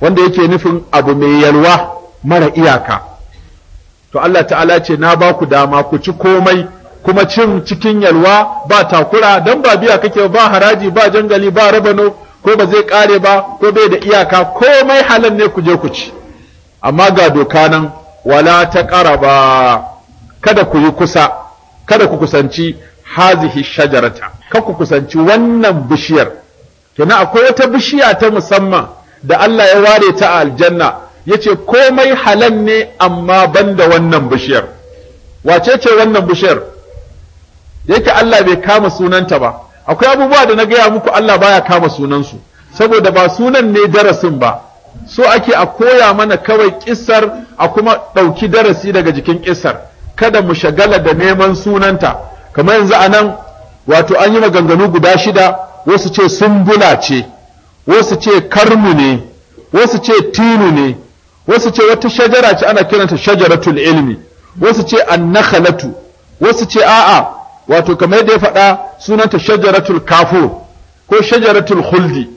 wanda yake nufin abu mai yalwa mara iyaka to Allah ta'ala ce na ba ku dama ku ci komai kuma cin cikin yalwa ba takura dan ba biya kake ba haraji ba jangali ba rabano ko ba zai kare ba ko bai da iyaka komai halan ne ku je ku ci amma ga doka nan wala ta ba kada ku yi kusa kada ku kusanci hazihi shajarata kada ku kusanci wannan bishiyar kenan akwai wata bishiya ta musamman da Allah ya ware ta a aljanna yace komai halan ne amma banda wannan bishiyar wace ce wannan bishiyar da yake Allah bai kama sunanta ba akwai abubuwa da na gaya muku Allah baya kama sunansu saboda ba sunan ne darasin ba so ake a koya mana kawai kissar a kuma ɗauki darasi daga jikin kissar kada mu shagala da neman sunanta kamar yanzu anan wato an yi maganganu guda shida wasu ce sumbula ce wasu ce karmu ne wasu ce tinu ne wasu ce wata shajara ce ana kiranta shajaratul ilmi wasu ce annakhalatu wasu ce a'a wato kamar yadda ya faɗa sunanta shajaratul kafur ko shajaratul khuldi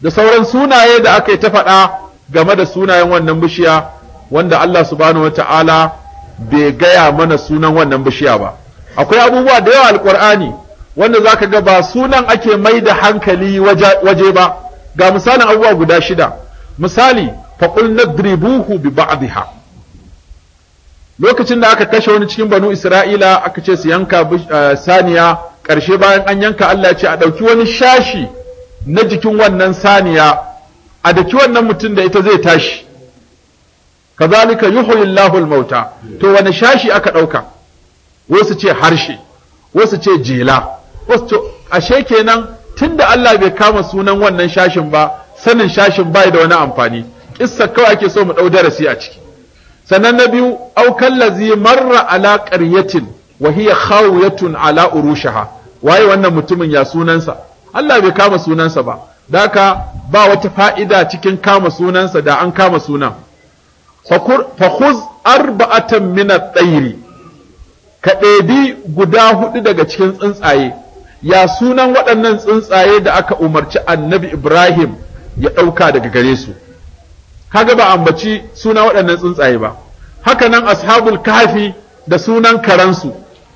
da sauran sunaye da aka yi ta faɗa game da sunayen wannan bishiya wanda Allah subhanahu wata'ala bai gaya mana sunan wannan bishiya ba akwai abubuwa da yawa alkur'ani wanda zaka ga ba sunan ake mai da hankali waje ba ga misalin abubuwa guda shida misali faqul nadribuhu bi ba'dihah lokacin da aka kashe wani cikin banu isra'ila aka ce su yanka eh, saniya ƙarshe bayan an yanka Allah ce a ɗauki wani shashi na jikin wannan saniya a daki wannan mutum da ita zai tashi kazalika yuhyillahu al-mauta to wani shashi aka ɗauka wasu ce harshe wasu ce jela wasu ce ashe kenan tunda Allah bai kama sunan wannan shashin ba sanin shashin bai da wani amfani kissa kawai ake so mu ɗau darasi a ciki sannan na biyu aukan lazi marra ala ƙaryatin wa hiya khawiyatun ala urushaha waye wannan mutumin ya sunansa Allah bai kama sunansa ba daka ba wata fa'ida cikin kama sunansa da an kama sunan fakhuz arba'atan min at-tayri ka ɗebi guda hudu daga cikin tsuntsaye ya sunan waɗannan tsuntsaye da aka umarci annabi Ibrahim ya ɗauka daga gare su kaga ba ambaci suna waɗannan tsuntsaye ba haka nan ashabul kafi da sunan karansu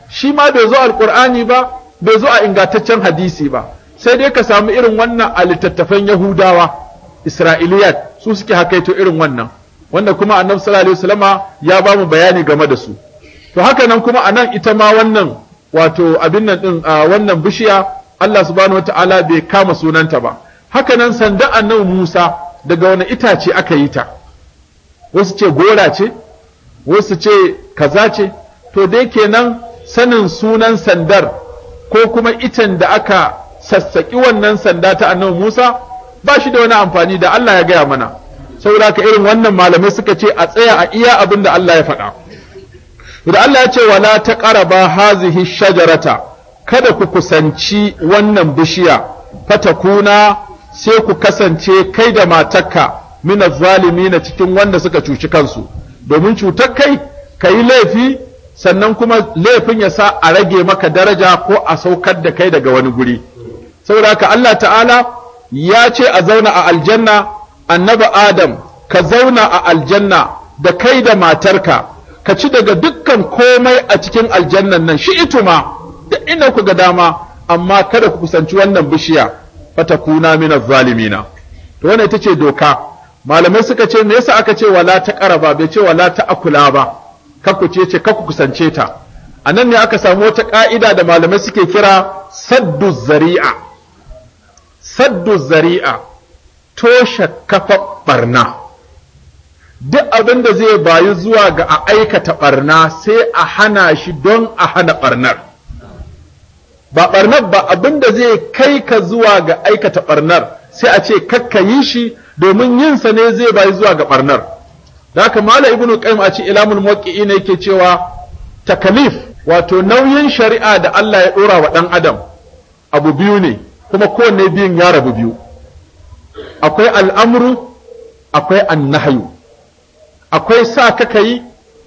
shi ma bai zo alqur'ani ba bai zo a ingantaccen hadisi ba sai dai ka samu irin wannan a littattafan yahudawa isra'iliyat su suke hakaito irin wannan wanda kuma annabi sallallahu alaihi wasallama ya ba mu bayani game da su to haka nan kuma anan ita ma wannan wato abin nan din wannan bishiya Allah subhanahu wataala bai kama sunanta ba haka nan sanda annabi Musa daga wani itace aka yi ta wasu ce gora ce wasu ce kaza ce to dai kenan sanin sunan sandar ko kuma itan da aka sassaƙi wannan sanda ta annabi Musa ba shi da wani amfani da Allah ya gaya mana saboda ka irin wannan malamai suka ce a tsaya a iya abin da Allah ya faɗa da Allah ya ce wala ta taqraba hazihi shajarata kada ku kusanci wannan bishiya fatakuna sai ku kasance kai da matarka mina zalimi na cikin wanda suka cuci kansu domin cutar kai ka yi laifi sannan kuma laifin ya sa a rage maka daraja ko a saukar da kai daga wani guri saboda haka Allah ta'ala ya ce a zauna a aljanna annabi adam ka zauna a aljanna da kai da matarka ka ci daga dukkan komai a cikin aljannan nan shi ituma da ina ku ga dama amma kada ku kusanci wannan bishiya fatakuna min zalimina to wannan ita ce doka malamai suka ce me yasa aka ce wala ta qaraba bai ce wala ta akula ba kakku ce ce ku kusance ta anan ne aka samu wata ka'ida da malamai suke kira saddu zari'a saddu zari'a toshe kafa barna duk abin da zai bayu zuwa ga a aikata barna sai a hana shi don a hana barnar ba barnar ba abin da zai kai ka zuwa ga aikata barnar sai a ce kakka yi shi domin yinsa ne zai bayi zuwa ga barnar da haka mala ibnu qayyim a ce ilamul muwaqqi'i ne yake cewa takalif wato nauyin shari'a da Allah ya dora wa dan adam abu biyu ne kuma kowanne biyun ya rabu biyu akwai al'amru akwai annahyu akwai sa kaka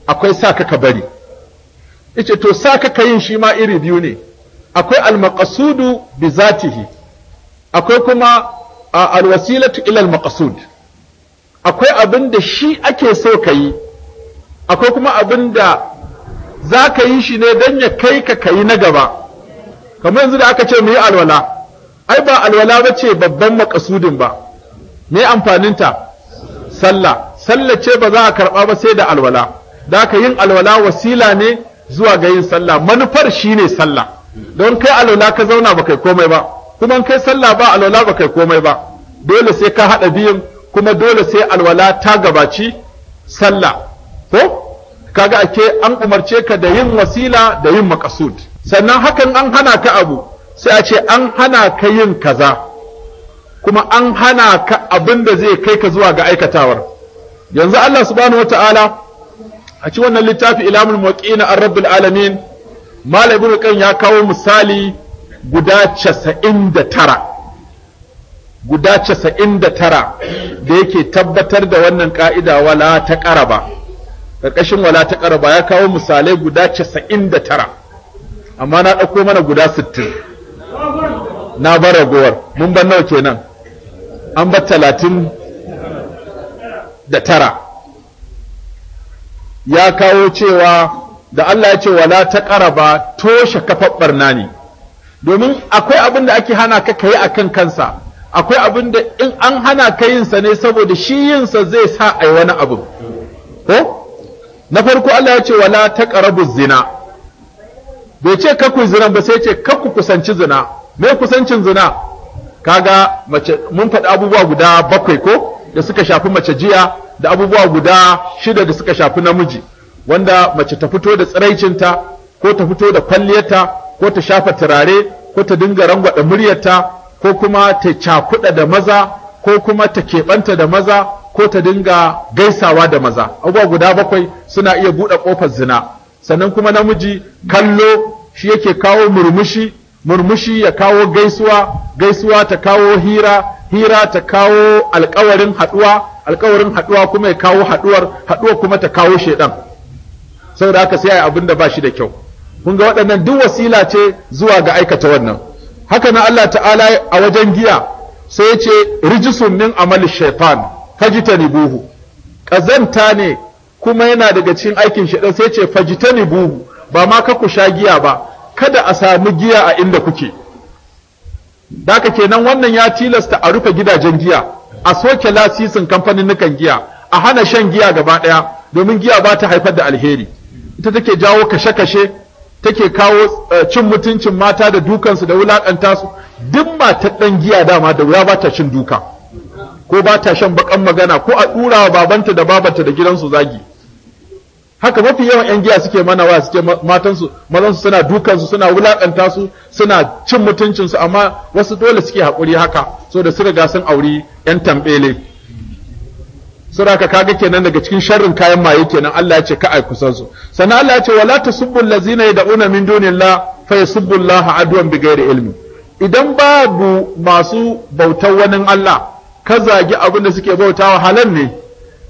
akwai sa kaka bari yace to sa kaka shi ma iri biyu ne akwai almaqasudu bi zatihi akwai kuma alwasilatu ila almaqasud akwai abin da shi ake so ka yi akwai kuma abin da za ka yi shi ne don ya kai ka kayi na gaba kamar yanzu da aka ce mu yi alwala ai ba alwala ba ce babban makasudin ba me amfaninta sallah sallah ce ba za a karɓa ba sai da alwala da aka yin alwala wasila ne zuwa ga yin sallah manufar shine sallah don kai alola ka zauna ba kai komai ba kuma kai sallah ba alola ba kai komai ba dole sai ka haɗa biyun kuma dole sai alwala ta gabaci sallah ko kaga ake an umarce ka da yin wasila da yin makasud sannan hakan an hana ka abu sai a ce an hana ka yin kaza kuma an hana ka abin da zai kai ka zuwa ga aikatawar yanzu Allah subhanahu wataala a ci wannan littafi ilamul muqina ar-rabbil alamin malam ibn qayyim ya kawo misali guda tara. guda casa'in da yake tabbatar da wannan ka'ida wala ta ƙaraba. Ƙarƙashin wala ta ƙaraba ya kawo misalai guda casa'in da tara, amma na ɗauko mana guda sittin, na bar ragowar mun ban nawa kenan an bar tara ya kawo cewa da Allah ya ce wala ta ƙaraba toshe kafar barna ne domin akwai abin da ake hana ka a kan kansa akwai abin da in an hana ka yinsa ne saboda shi yinsa zai sa a yi wani abu ko na farko Allah ya ce wala ta ƙarabu zina bai ce ka ku zina ba sai ce ka ku kusanci zina me kusancin zina kaga mace mun faɗi abubuwa guda bakwai ko da suka shafi mace jiya da abubuwa guda shida da suka shafi namiji wanda mace ta fito da tsiraicinta ko ta fito da kwalliyarta ko ta shafa turare ko ta dinga rangwada muryarta ko kuma ta cakuɗa da maza ko kuma ta keɓanta da maza ko ta dinga gaisawa da maza abubuwa guda bakwai suna iya buɗe ƙofar zina sannan kuma namiji kallo shi yake kawo murmushi murmushi ya kawo gaisuwa gaisuwa ta kawo hira hira ta kawo alƙawarin haɗuwa Alƙawarin haɗuwa kuma ya kawo haɗuwar haɗuwa kuma ta kawo shaidan saboda haka sai ai abin da ba shi da kyau kun ga waɗannan duk wasila ce zuwa ga aikata wannan haka na Allah ta'ala a wajen giya sai ya ce rijisun min amali shaitan fajitani buhu kazanta ne kuma yana daga cikin aikin shaitan sai ya ce fajitani buhu ba ma ka ku sha giya ba kada a samu giya a inda kuke daka kenan wannan ya tilasta a rufe gidajen giya a soke lasisin kamfanin nukan giya a hana shan giya gaba ɗaya domin giya ba ta haifar da alheri ita take jawo kashe-kashe take kawo eh, cin mutuncin mata da dukansu da wulaƙanta su duk ɗan giya dama da wuya ba ta cin duka ko ba ta shan baƙan magana ko a ɗura wa babanta da babanta da gidansu zagi haka mafi yawan 'yan giya suke mana waya suke matansu su suna dukansu suna wulaƙanta su suna cin mutuncinsu amma wasu dole suke haƙuri haka so da su riga sun auri 'yan tambele ka kaga kenan daga cikin sharrin kayan maye kenan Allah ya ce ka ai kusan su sannan Allah ya ce wala tasubbu allazina yad'una min dunillah fa yasubbu Allah adwan bighairi ilmi idan babu masu bautar wani Allah ka zagi abin da suke bautawa halal ne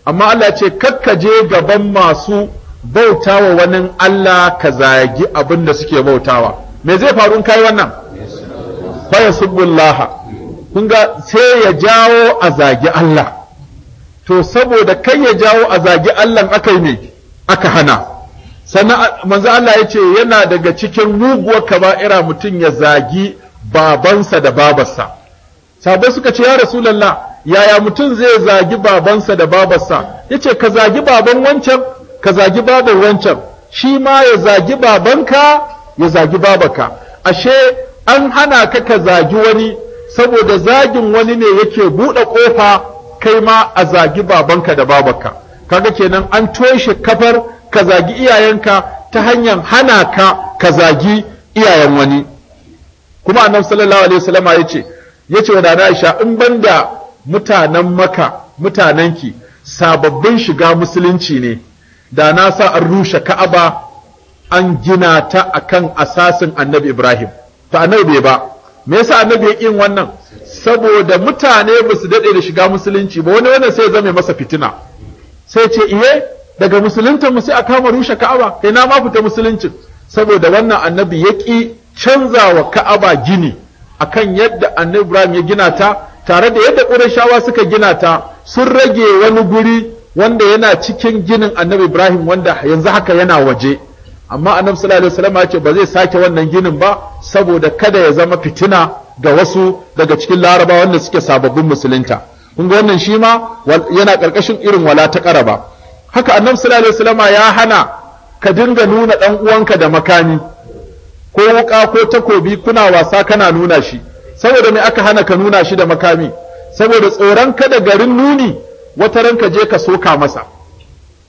amma Allah ya ce je gaban masu bautawa wani Allah ka zagi abin da suke bautawa me zai faru in kai wannan fa yasubbu Allah kun ga sai ya jawo a zagi Allah to saboda kai ya jawo a zagi Allah aka yi ne aka hana sana manzo Allah ya ce yana daga cikin muguwar kaba'ira mutum ya zagi babansa da babarsa sabai suka ce ya rasulullah yaya mutum zai zagi babansa da babarsa yace ka zagi baban wancan ka zagi babar wancan shi ma ya zagi babanka ya zagi babarka ashe an hana ka ka zagi wani saboda zagin wani ne yake buɗe ƙofa kai ma a zagi babanka da babanka kaga kenan an toshe kafar ka zagi iyayenka ta hanyar hana ka ka zagi iyayen wani kuma annabi sallallahu alaihi wasallama yace yace wa dana Aisha in banda mutanen maka mutanenki sababbin shiga musulunci ne da na sa an rushe ka'aba an gina ta akan asasin annabi Ibrahim ta annabi ba me yasa annabi ya yin wannan saboda mutane ba su daɗe da shiga musulunci ba wani wannan sai zame masa fitina sai ce iye daga musulunta mu sai a kama rushe ka'aba kai na ma fita musulunci saboda wannan annabi ya ƙi canza wa ka'aba gini akan yadda annabi Ibrahim ya gina ta tare da yadda shawa suka gina ta sun rage wani guri wanda yana cikin ginin annabi Ibrahim wanda yanzu haka yana waje amma annabi sallallahu alaihi wasallam ya ce ba zai sake wannan ginin ba saboda kada ya zama fitina ga wasu daga cikin laraba wanda suke sababbin musulunta kun ga wannan shi ma yana karkashin irin wala ta qaraba haka annabi sallallahu alaihi wasallama ya hana ka dinga nuna dan uwanka da makami ko wuka ko takobi kuna wasa kana nuna shi saboda me aka hana ka nuna shi da makami saboda tsoron da garin nuni wata ran ka je ka soka masa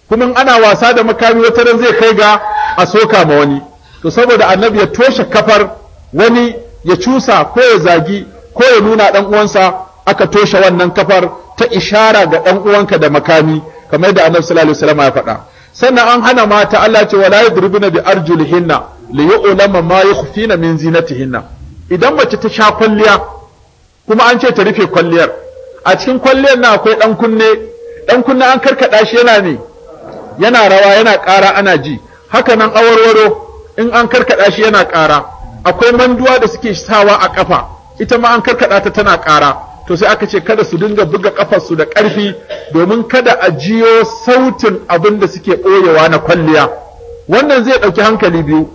kuma ana wasa da makami wata ran zai kai ga a soka ma wani to saboda annabi ya toshe kafar wani ya cusa ko ya zagi ko ya nuna ɗan uwansa aka toshe wannan kafar ta ishara ga ɗan uwanka da makami kamar yadda annabi sallallahu alaihi wasallam ya faɗa sannan an hana mata Allah ce wala yadribuna bi arjulihinna li yu'lama ma yukhfina min zinatihinna idan mace ta sha kwalliya kuma an ce ta rufe kwalliyar a cikin kwalliyar na akwai ɗan kunne Ɗan kunne an karkada shi yana ne yana rawa yana ƙara ana ji haka nan awarwaro in an karkada shi yana ƙara akwai manduwa da suke sawa a ƙafa. ita ma an karkada ta tana ƙara to sai aka ce kada su dinga buga ƙafarsu da ƙarfi domin kada a jiyo sautin abin da suke ɓoyewa na kwalliya wannan zai ɗauki hankali biyu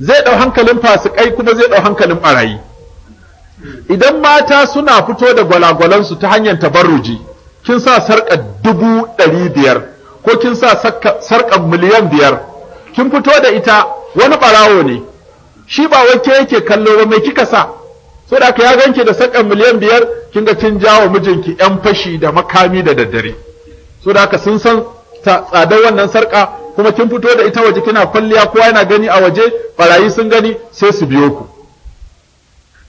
zai ɗau hankalin fasikai kuma zai ɗau hankalin ɓarayi idan mata suna fito da su ta hanyar tabarruji kin sa sarƙa dubu ɗari biyar ko kin sa sarƙa miliyan biyar kin fito da ita wani ɓarawo ne shi ba wake yake kallo ba mai kika sa so da ya ganke da sakan miliyan biyar kin ga kin jawo mijinki yan fashi da makami da daddare so da sun san tsadar wannan sarka kuma kin fito da ita waje kina kwalliya kowa yana gani a waje barayi sun gani sai su biyo ku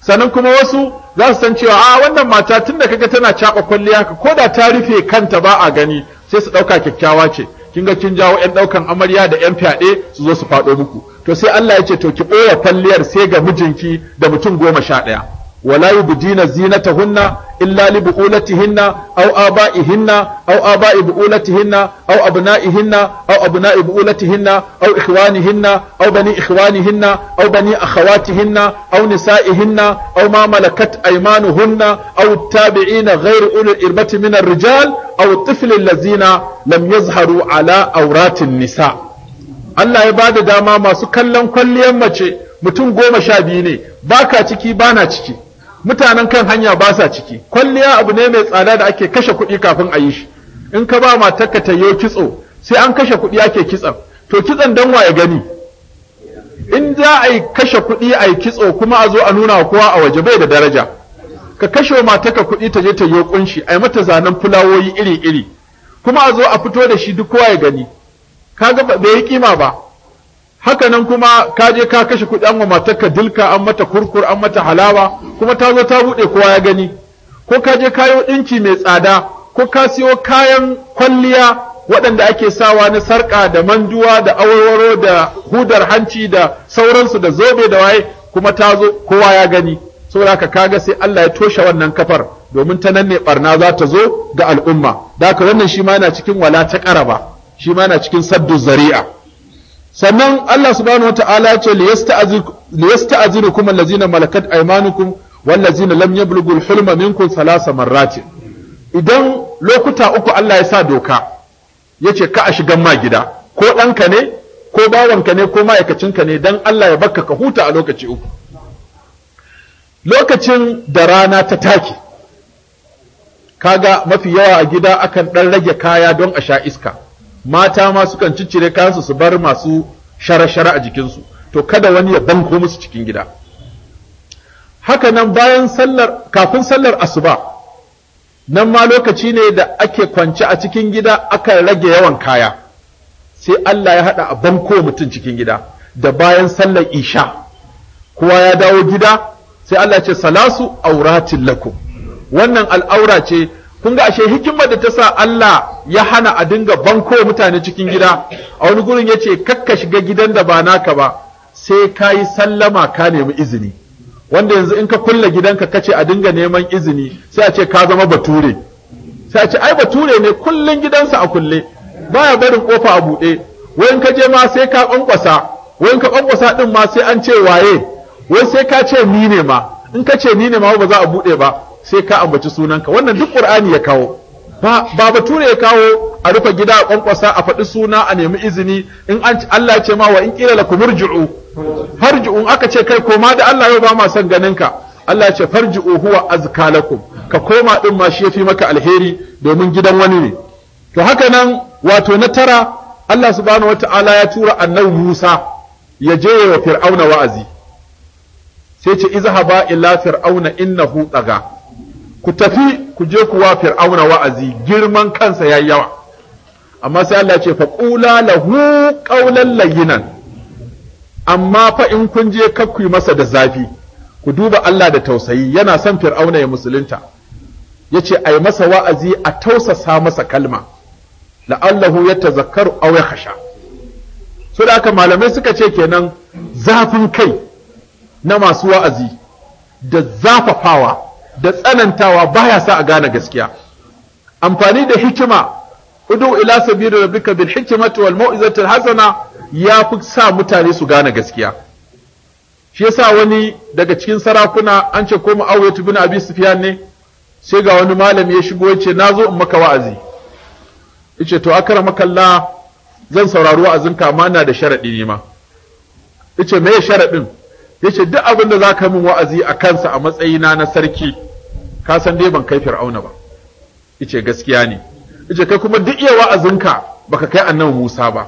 sannan kuma wasu za su san cewa a ah, wannan mata tun da kaga tana caɓa kwalliya ka ko da ta rufe kanta ba a gani sai su ɗauka kyakkyawa ce kin ga kin jawo yan daukan amarya da yan fyaɗe su zo su faɗo muku to sai Allah ya ce to ki ɓoye kwalliyar sai ga mijinki da mutum goma sha ɗaya ولا يبدين زينتهن إلا لبؤولتهن أو آبائهن أو آباء بؤولتهن أو أبنائهن أو أبناء بؤولتهن أو إخوانهن أو بني إخوانهن أو بني أخواتهن أو نسائهن أو ما ملكت أيمانهن أو التابعين غير أولي الإربة من الرجال أو الطفل الذين لم يظهروا على أورات النساء الله يبادل داما ما سكلم كل يمتشي mutum goma sha biyu ne ba ka ciki ba na ciki mutanen kan hanya ba sa ciki kwalliya abu ne mai tsada da ake kashe kuɗi kafin a yi shi in ka ba matarka ta yo kitso sai an kashe kuɗi ake kitsan to kitsan dan wa ya gani in za a yi kashe kuɗi a yi kitso kuma a zo a nuna wa kowa a waje bai da daraja ka kashe wa matarka kuɗi ta je ta yo kunshi a yi mata zanen fulawoyi iri iri kuma a zo a fito da shi duk kowa ya gani kaga bai yi kima ba haka nan kuma ka je ka kashe kuɗi an wa matarka dilka an mata kurkur an mata halawa kuma ta zo ta buɗe kowa ya gani ko ka je kayo ɗinki mai tsada ko ka siyo kayan kwalliya waɗanda ake sawa na sarƙa da manduwa da awarwaro da hudar hanci da sauransu da zobe da waye kuma ta zo kowa ya gani saboda ka kaga sai Allah ya toshe wannan kafar domin ta nan ne barna za ta zo ga al'umma da haka wannan shi ma yana cikin wala ta ƙaraba shi ma yana cikin saddu zari'a sannan Allah subhanahu ta'ala ya ce kum allazina malakat aymanukum wallazina lam yablughul hulma minkum thalatha marratin idan lokuta uku Allah ya sa doka yace ka a shigan ma gida ko ɗanka ne ko bawanka ne ko ma'aikacinka ne dan Allah ya baka ka huta a lokaci uku lokacin da rana ta take kaga mafi yawa a gida akan ɗan rage kaya don a sha iska mata ma sukan ciccire kansu su bar masu shara-shara a jikinsu to kada wani ya banko musu cikin gida haka nan bayan sallar kafin sallar asuba nan ma lokaci ne da ake kwance a cikin gida aka rage yawan kaya sai Allah ya haɗa a banko mutum cikin gida da bayan sallar isha kowa ya dawo gida sai Allah ce salasu auratin lakum wannan al'aura ce kun ga ashe hikimar da ta sa Allah ya hana a dinga banko mutane cikin gida a wani gurin ya ce kakka shiga gidan da ba naka ba sai ka yi sallama ka nemi izini wanda yanzu in ka kulle gidanka ka ce a dinga neman izini sai a ce ka zama bature sai a ce ai bature ne kullun gidansa a kulle baya barin kofa a buɗe wayan ka je ma sai ka kwankwasa wayan ka kwankwasa din ma sai an ce waye wai sai ka ce ni ne ma in ka ce ni ne ma ba za a buɗe ba sai ka ambaci sunanka wannan duk qur'ani ya kawo ba ba ne ya kawo a rufe gida a kwankwasa a faɗi suna a nemi izini in an Allah ya ce ma wa in qila lakum irji'u in aka ce kai koma da Allah yau ba ma son ganinka Allah ya ce farji'u huwa azka lakum ka koma din ma shi yafi maka alheri domin gidan wani ne to haka nan wato na tara Allah subhanahu wata'ala ya tura annabi Musa ya je wa fir'auna wa'azi sai ce izhaba ila fir'auna innahu daga ku tafi ku je kuwa fir'auna wa'azi girman kansa yayi yawa amma sai Allah ce fa qula lahu qawlan layyinan amma fa in kun je kakku masa da zafi ku duba Allah da tausayi yana son fir'auna ya musulunta yace ai masa wa'azi a tausasa masa kalma la'allahu yatazakkaru aw yakhsha so da aka malamai suka ce kenan zafin kai na masu wa'azi da zafafawa da tsanantawa baya sa a gane gaskiya amfani da hikima udu ila sabili rabbika bil hikmati wal mau'izati hasana ya fi sa mutane su gane gaskiya shi yasa wani daga cikin sarakuna an ce ko mu'awiyatu bin abi sufyan ne sai ga wani malami ya shigo ya ce nazo in maka wa'azi yace to akara makalla zan saurari wa'azinka amma ina da sharadi ne ma yace me sharadin yace duk abin da zaka min wa'azi a kansa a matsayina na sarki ka san dai ban kai fir'auna ba ice gaskiya ne ice kai kuma duk iya wa'azinka baka kai annabi Musa ba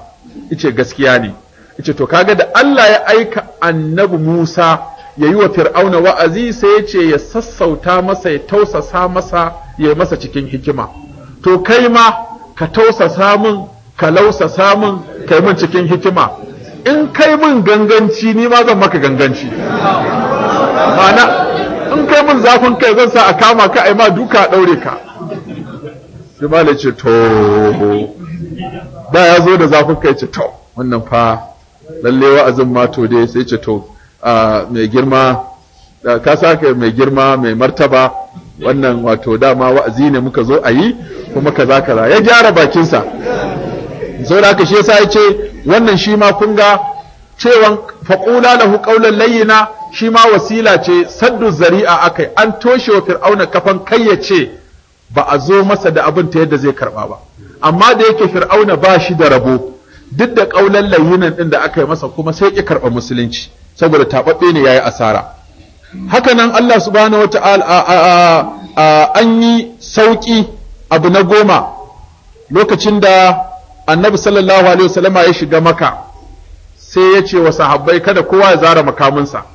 ice gaskiya ne ice to kaga da Allah ya aika annabi Musa ya yi wa fir'auna wa'azi sai ya ce ya sassauta masa ya tausasa masa ya masa cikin hikima to kai ma ka tausasa min ka lausasa min kai min cikin hikima in kai min ganganci ni ma zan maka ganganci in kai mun zafin kai zan sa a kama ka ai ma duka a daure ka shi malai ce to da ya zo da zafin kai ce to wannan fa lalle wa'azin ma to dai sai ce to mai girma ka saka mai girma mai martaba wannan wato dama wa'azi ne muka zo a yi kuma kaza ra. ya gyara bakinsa sau da aka shi yasa ya ce wannan shi ma kun ga cewan faƙula lahu ƙaunar layyina shi ma wasila ce saddu zari'a akai an toshe wa fir'auna kafan kai ya ce ba a zo masa da abin ta yadda zai karba ba amma da yake fir'auna ba shi da rabo duk da kaulan layinan din da aka yi masa kuma sai ki karba musulunci saboda tababbe ne yayi asara haka nan Allah subhanahu wata'ala an yi sauki abu na goma lokacin da annabi sallallahu alaihi wasallama ya shiga maka sai ya ce wa sahabbai kada kowa ya zara makaminsa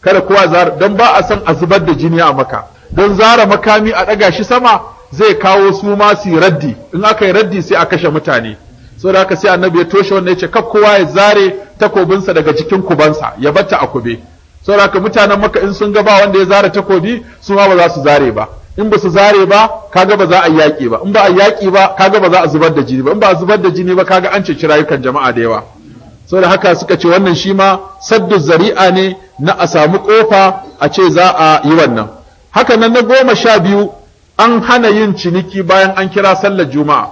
kada kowa zara don ba a san a zubar da jini a maka don zara makami a ɗaga shi sama zai kawo su ma su raddi in aka yi raddi sai a kashe mutane da haka sai annabi ya toshe wannan ya ce kaf kowa ya zare takobinsa daga cikin kubansa ya bata a kube da haka mutanen maka in sun ga ba wanda ya zara takobi su ma ba za su zare ba in ba su zare ba kaga ba za a yaƙi ba in ba a yaƙi ba kaga ba za a zubar da jini ba in ba a zubar da jini ba kaga an ceci rayukan jama'a da yawa da haka suka ce wannan shi ma saddu zari'a ne na a samu kofa a ce za a yi wannan haka nan na goma sha biyu an hana yin ciniki bayan an kira sallar juma'a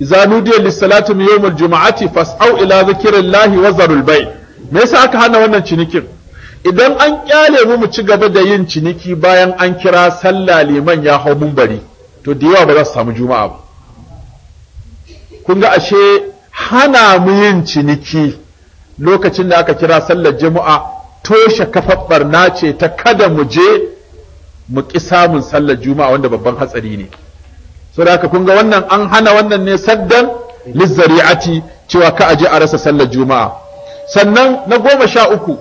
idza nudiya lis-salati min yawmil juma'ati fas'au ila dhikrillahi wa zarul bay me yasa aka hana wannan cinikin idan an kyale mu mu ci gaba da yin ciniki bayan an kira sallah liman ya hau mumbari to da yawa ba za su samu juma'a ba kun ga ashe hana mu yin ciniki lokacin da aka kira sallar juma'a toshe kafaffar na ce ta kada mu je mu ƙi samun sallar juma'a wanda babban hatsari ne saboda haka kun ga wannan an hana wannan ne saddan lizzari'ati cewa ka aje a rasa sallar juma'a sannan na goma sha uku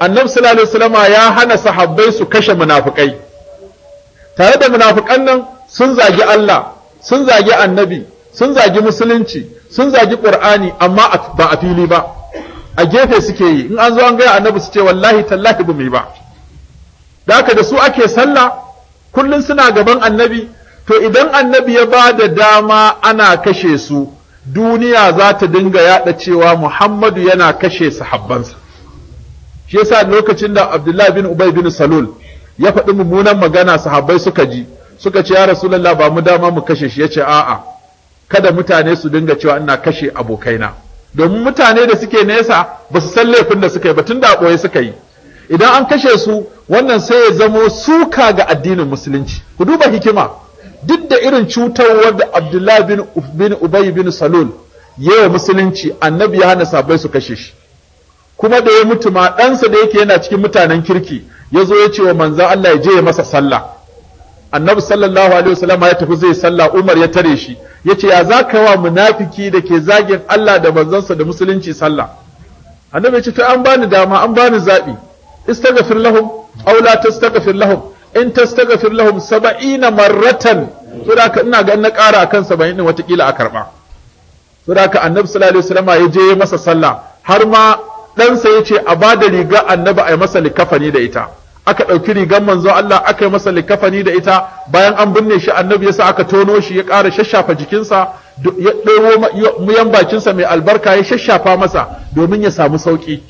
annabi sallallahu alaihi ya hana sahabbai su kashe munafukai tare da munafukan nan sun zagi Allah sun zagi annabi sun zagi musulunci sun zagi qur'ani amma ba a fili ba a gefe suke yi in an zo an gaya annabi su ce wallahi tallahi bu mai ba da haka da su ake sallah kullun suna gaban annabi to idan annabi ya ba da dama ana kashe su duniya za ta dinga yada cewa Muhammadu yana kashe sahabbansa shi yasa lokacin da Abdullahi bin Ubay bin Salul ya faɗi mummunan magana sahabbai suka ji suka ce ya Rasulullah ba mu dama mu kashe shi Ya ce a'a kada mutane su dinga cewa ina kashe abokaina domin mutane da suke nesa ba su san laifin da suka yi ba tun da ɓoye suka yi idan an kashe su wannan sai ya zamo suka ga addinin musulunci ku duba hikima duk da irin cutarwar da abdullahi bin, bin ubayi bin salul ya yi musulunci annabi ya hana sabai su kashe shi kuma da ya mutu ma ɗansa da yake yana cikin mutanen kirki ya zo ya ce wa manzan Allah ya je ya masa sallah annabi sallallahu alaihi wasallam ya tafi zai sallah Umar ya tare shi yace ya zaka wa munafiki da ke zagin Allah da manzansa da musulunci sallah annabi yace to an bani dama an bani zabi istaghfir lahum aw la tastaghfir lahum in tastaghfir lahum 70 marratan saboda ina ga na ƙara akan 70 din watakila a karba saboda annabi sallallahu alaihi wasallam ya je masa sallah har ma sa yace a bada riga annabi a masa likafani da ita aka ɗauki rigar manzo Allah aka yi masa likafani da ita bayan an binne shi annabi yasa aka tono shi ya ƙara shashafa jikinsa ya ɗewo muyan bakinsa mai albarka ya shashafa masa domin ya samu sauƙi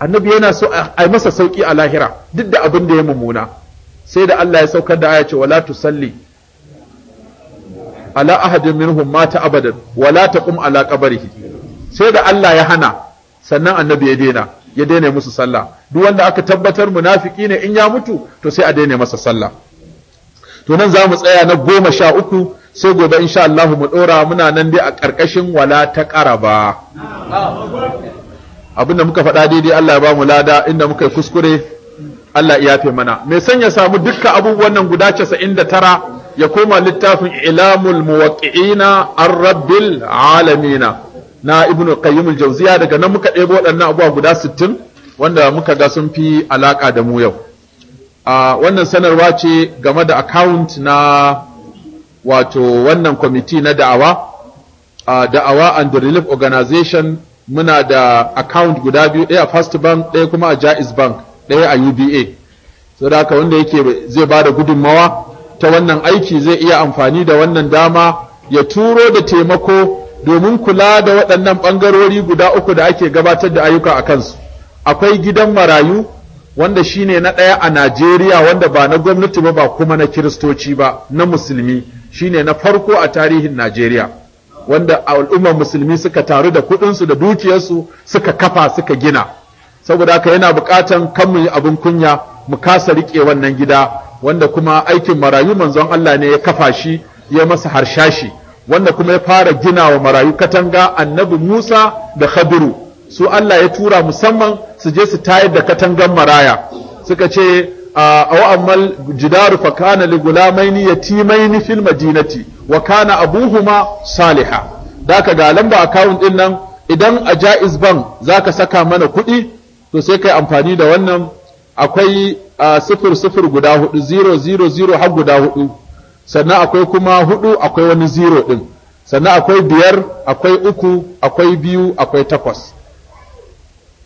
annabi yana so a masa sauƙi a lahira duk da abin da ya mummuna sai da Allah ya saukar da aya ce wala tusalli ala ahadin minhum mata abadan wala taqum ala qabrihi sai da Allah ya hana sannan annabi ya daina ya daina musu sallah duk wanda aka tabbatar munafiki ne in ya mutu to sai a daina masa sallah to nan za mu tsaya na goma sha uku sai gobe insha Allah mu ɗora muna nan dai a ƙarƙashin wala ta ƙaraba abinda muka faɗa daidai Allah ya ba mu lada inda muka yi kuskure Allah ya yafe mana Me san ya samu dukkan abubuwan nan guda 99 ya koma littafin ilamul muwaqqi'ina ar-rabbil alamina na ibnu qayyim al-jawziya daga nan muka ɗebo waɗannan abubuwa guda 60 wanda muka ga sun fi alaka da mu yau wannan sanarwa ce game da account na wato wannan kwamiti na da'awa da'awa and the relief organization muna da account guda biyu ɗaya a first bank ɗaya kuma a jaiz bank ɗaya a uba so da haka wanda yake zai ba da gudunmawa ta wannan aiki zai iya amfani da wannan dama ya turo da taimako domin kula da waɗannan ɓangarori guda uku da ake gabatar da ayyuka a kansu akwai gidan marayu wanda shine na ɗaya a Najeriya wanda ba na gwamnati ba ba kuma na kiristoci ba na musulmi shine na farko a tarihin Najeriya wanda al'ummar musulmi suka taru da kuɗinsu da dukiyarsu suka kafa suka gina saboda haka yana buƙatan kan mu abin kunya mu kasa rike wannan gida wanda kuma aikin marayu manzon Allah ne ya kafa shi ya masa harshashi wanda kuma ya fara gina wa marayu katanga annabi Musa da Khadiru su Allah ya tura musamman su je su tayar da katangan maraya suka ce aw ammal jidaru fa kana li gulamaini yatimaini fil madinati wa kana abuhuma saliha daka ga lamba account din nan idan a jaiz bank zaka saka mana kuɗi to sai kai amfani da wannan akwai sifir sifir guda hudu zero zero zero har guda hudu sannan akwai kuma hudu akwai wani zero din sannan akwai biyar akwai uku akwai biyu akwai takwas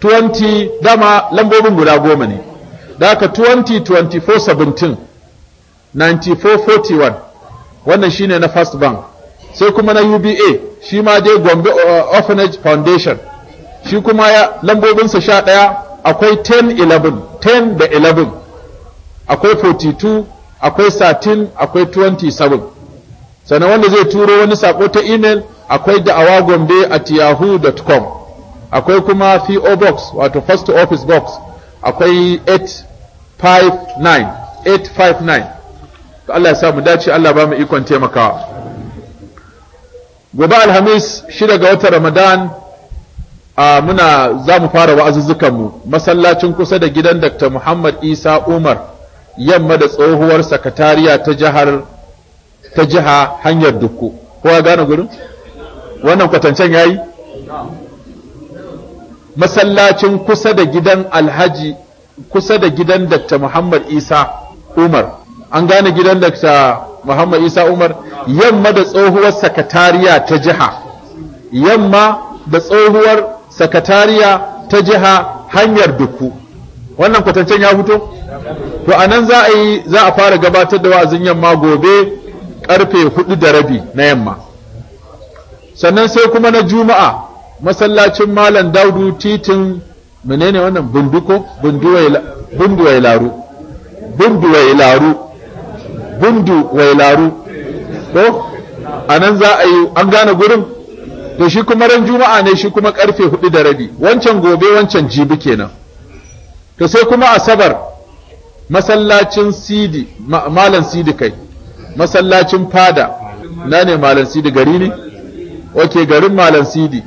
20 dama lambobin guda goma ne da haka 20 24 17 94 41 wannan shine na first bank sai kuma na uba shi ma dai gombe uh, orphanage foundation shi kuma ya lambobinsa sha ɗaya akwai 10 11 10 da 11 akwai 42 akwai 13 akwai 27 sannan wanda zai turo wani sako ta email akwai da'awa gombe at yahoo.com akwai kuma PO box wato first office box akwai 859 859 to Allah ya sa mu dace Allah ba mu ikon taimakawa gobe alhamis shida ga watan ramadan a muna za mu fara mu masallacin kusa da gidan dr muhammad isa umar yamma da tsohuwar sakatariya ta jihar ta jiha hanyar dukku kowa gane gurin wannan kwatancen yayi masallacin kusa da gidan alhaji kusa da gidan Dr. Muhammad Isa Umar an gane gidan Dr. Muhammad Isa Umar yamma da tsohuwar sakatariya ta jiha yamma da tsohuwar sakatariya ta jiha hanyar duku wannan kwatancen ya fito to anan za a yi za a fara gabatar da wa'azin yamma gobe karfe hudu da rabi na yamma sannan sai kuma na juma'a masallacin malam daudu titin menene wannan bunduko bunduwai laru bunduwai laru bunduwai laru ko a nan za a yi an gane gurin to shi kuma ran juma'a ne shi kuma karfe hudu da rabi wancan gobe wancan jibi kenan to sai kuma asabar masallacin sidi malam sidi kai masallacin fada na ne malam sidi gari ne ok garin malam sidi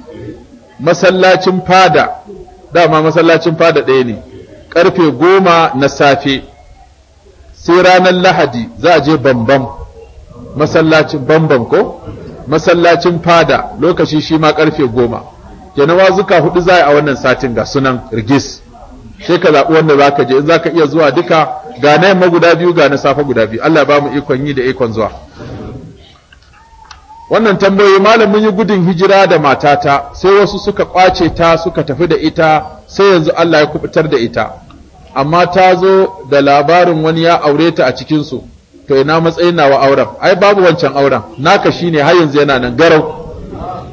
masallacin fada dama masallacin fada ɗaya ne ƙarfe goma na safe sai ranar lahadi za a je bambam masallacin bambam ko masallacin fada lokaci shi ma ƙarfe goma Janawa zuka hudu za a wannan satin ga sunan rigis sai ka zaɓi wanda za ka je in za ka iya zuwa duka ga na yamma guda biyu ga na safe guda biyu Allah ba mu ikon yi da ikon zuwa wannan tambayoyi malamin yi gudun hijira da matata sai wasu suka kwace ta suka tafi da ita sai yanzu Allah ya kubutar da ita amma ta zo da labarin wani ya aure ta a cikinsu to ina matsayin nawa auren ai babu wancan auren naka shine har yanzu yana nan garau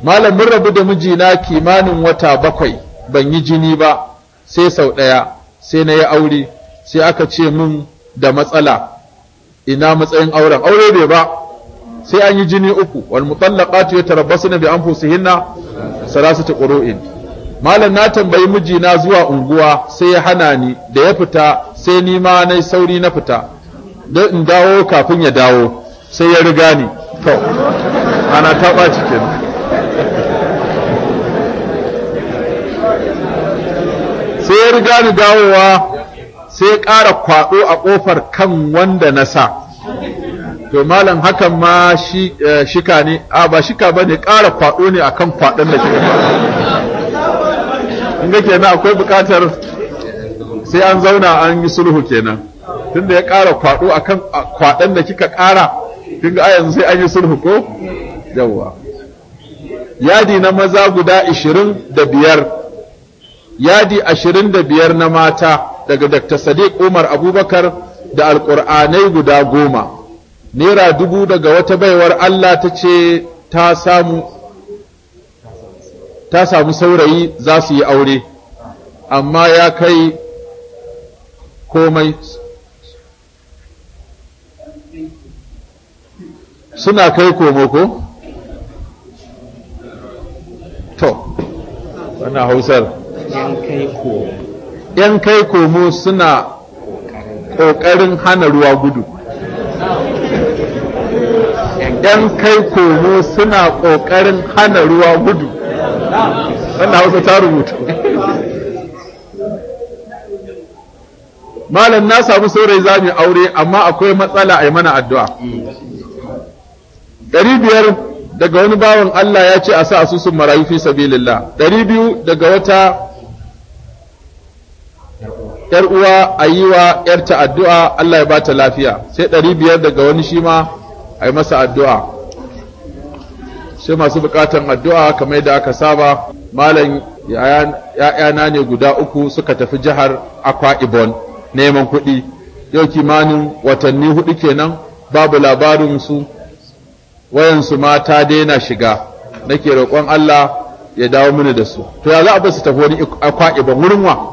malamin rabu da mijina kimanin wata bakwai ban yi jini ba sai sau ɗaya sai na yi aure sai aka ce min da matsala ina matsayin auren aure bai ba sai an yi jini uku wal mutallaqatu yatarabbasna bi anfusihinna salasata qurun malam na tambayi mijina zuwa unguwa sai ya hana ni da ya fita sai ni ma nai sauri na fita don in dawo kafin ya dawo sai ya riga ni to ana ta ɓaci kenan sai ya riga ni dawowa sai ya ƙara kwaɗo a ƙofar kan wanda na sa to malam hakan ma shi eh, shika ne a ba shika ba ne ƙara kwaɗo ne akan kwaɗon da shika in ga kenan akwai buƙatar sai an zauna an yi sulhu kenan tunda ya ƙara kwaɗo akan kwaɗon da kika ƙara kin ga yanzu sai an yi sulhu ko yawwa yadi na maza guda ishirin da biyar yadi ashirin da biyar na mata daga Dr. Sadiq Umar Abubakar da alƙur'anai guda goma naira dubu daga wata baiwar Allah ta ce ta samu ta samu saurayi za su yi aure amma ya kai komai suna kai komo ko? to wannan hausar ‘yan kai komo suna ƙoƙarin hana ruwa gudu’ 'yan kai komo suna ƙoƙarin hana ruwa gudu wanda hausa ta rubuta malam na samu saurayi zamu mu aure amma akwai matsala a yi mana addu'a ɗari biyar daga wani bawan Allah ya ce a sa asusun marayu fi sabilillah ɗari biyu daga wata ‘yar uwa a yi wa ‘yarta addu'a Allah ya ba ta lafiya sai ɗari biyar daga wani shi ma a masa addu'a sai masu bukatan addu'a kamar da aka saba malam ‘ya'yana ne guda uku suka tafi jihar akwa ibon neman kuɗi yau kimanin watanni hudu kenan babu labarinsu wayansu ma ta daina shiga nake roƙon Allah ya dawo mini da su to ya za a basu tafi wani akwa ibon wurin wa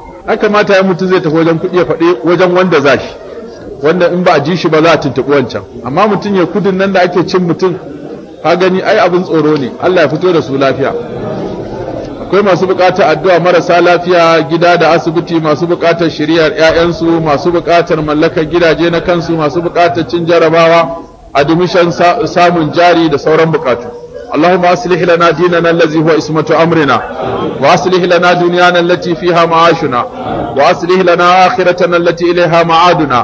mata ya mutum zai tafi wajen kuɗi ya faɗi wajen wanda za shi wanda in ba a ji shi ba za a tuntuɓi wancan amma mutum ya kudin nan da ake cin mutum ka gani ai abin tsoro ne Allah ya fito da su lafiya akwai masu buƙatar addu'a marasa lafiya gida da asibiti masu buƙatar shiriyar ƴaƴansu masu buƙatar mallakar gidaje na kansu masu buƙatar cin jarabawa admission samun jari da sauran buƙatu اللهم أصلح لنا ديننا الذي هو اسمة أمرنا وأصلح لنا دنيانا التي فيها معاشنا وأصلح لنا آخرتنا التي إليها معادنا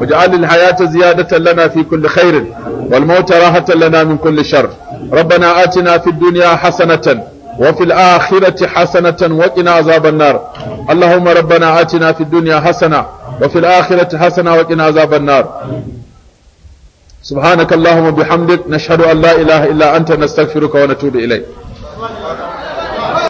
واجعل الحياة زيادة لنا في كل خير والموت راحة لنا من كل شر ربنا آتنا في الدنيا حسنة وفي الآخرة حسنة وقنا عذاب النار اللهم ربنا آتنا في الدنيا حسنة وفي الآخرة حسنة وقنا عذاب النار subhanakallahumma bihamdik nashhadu an la ilaha illa anta nastaghfiruka na natubu ilai.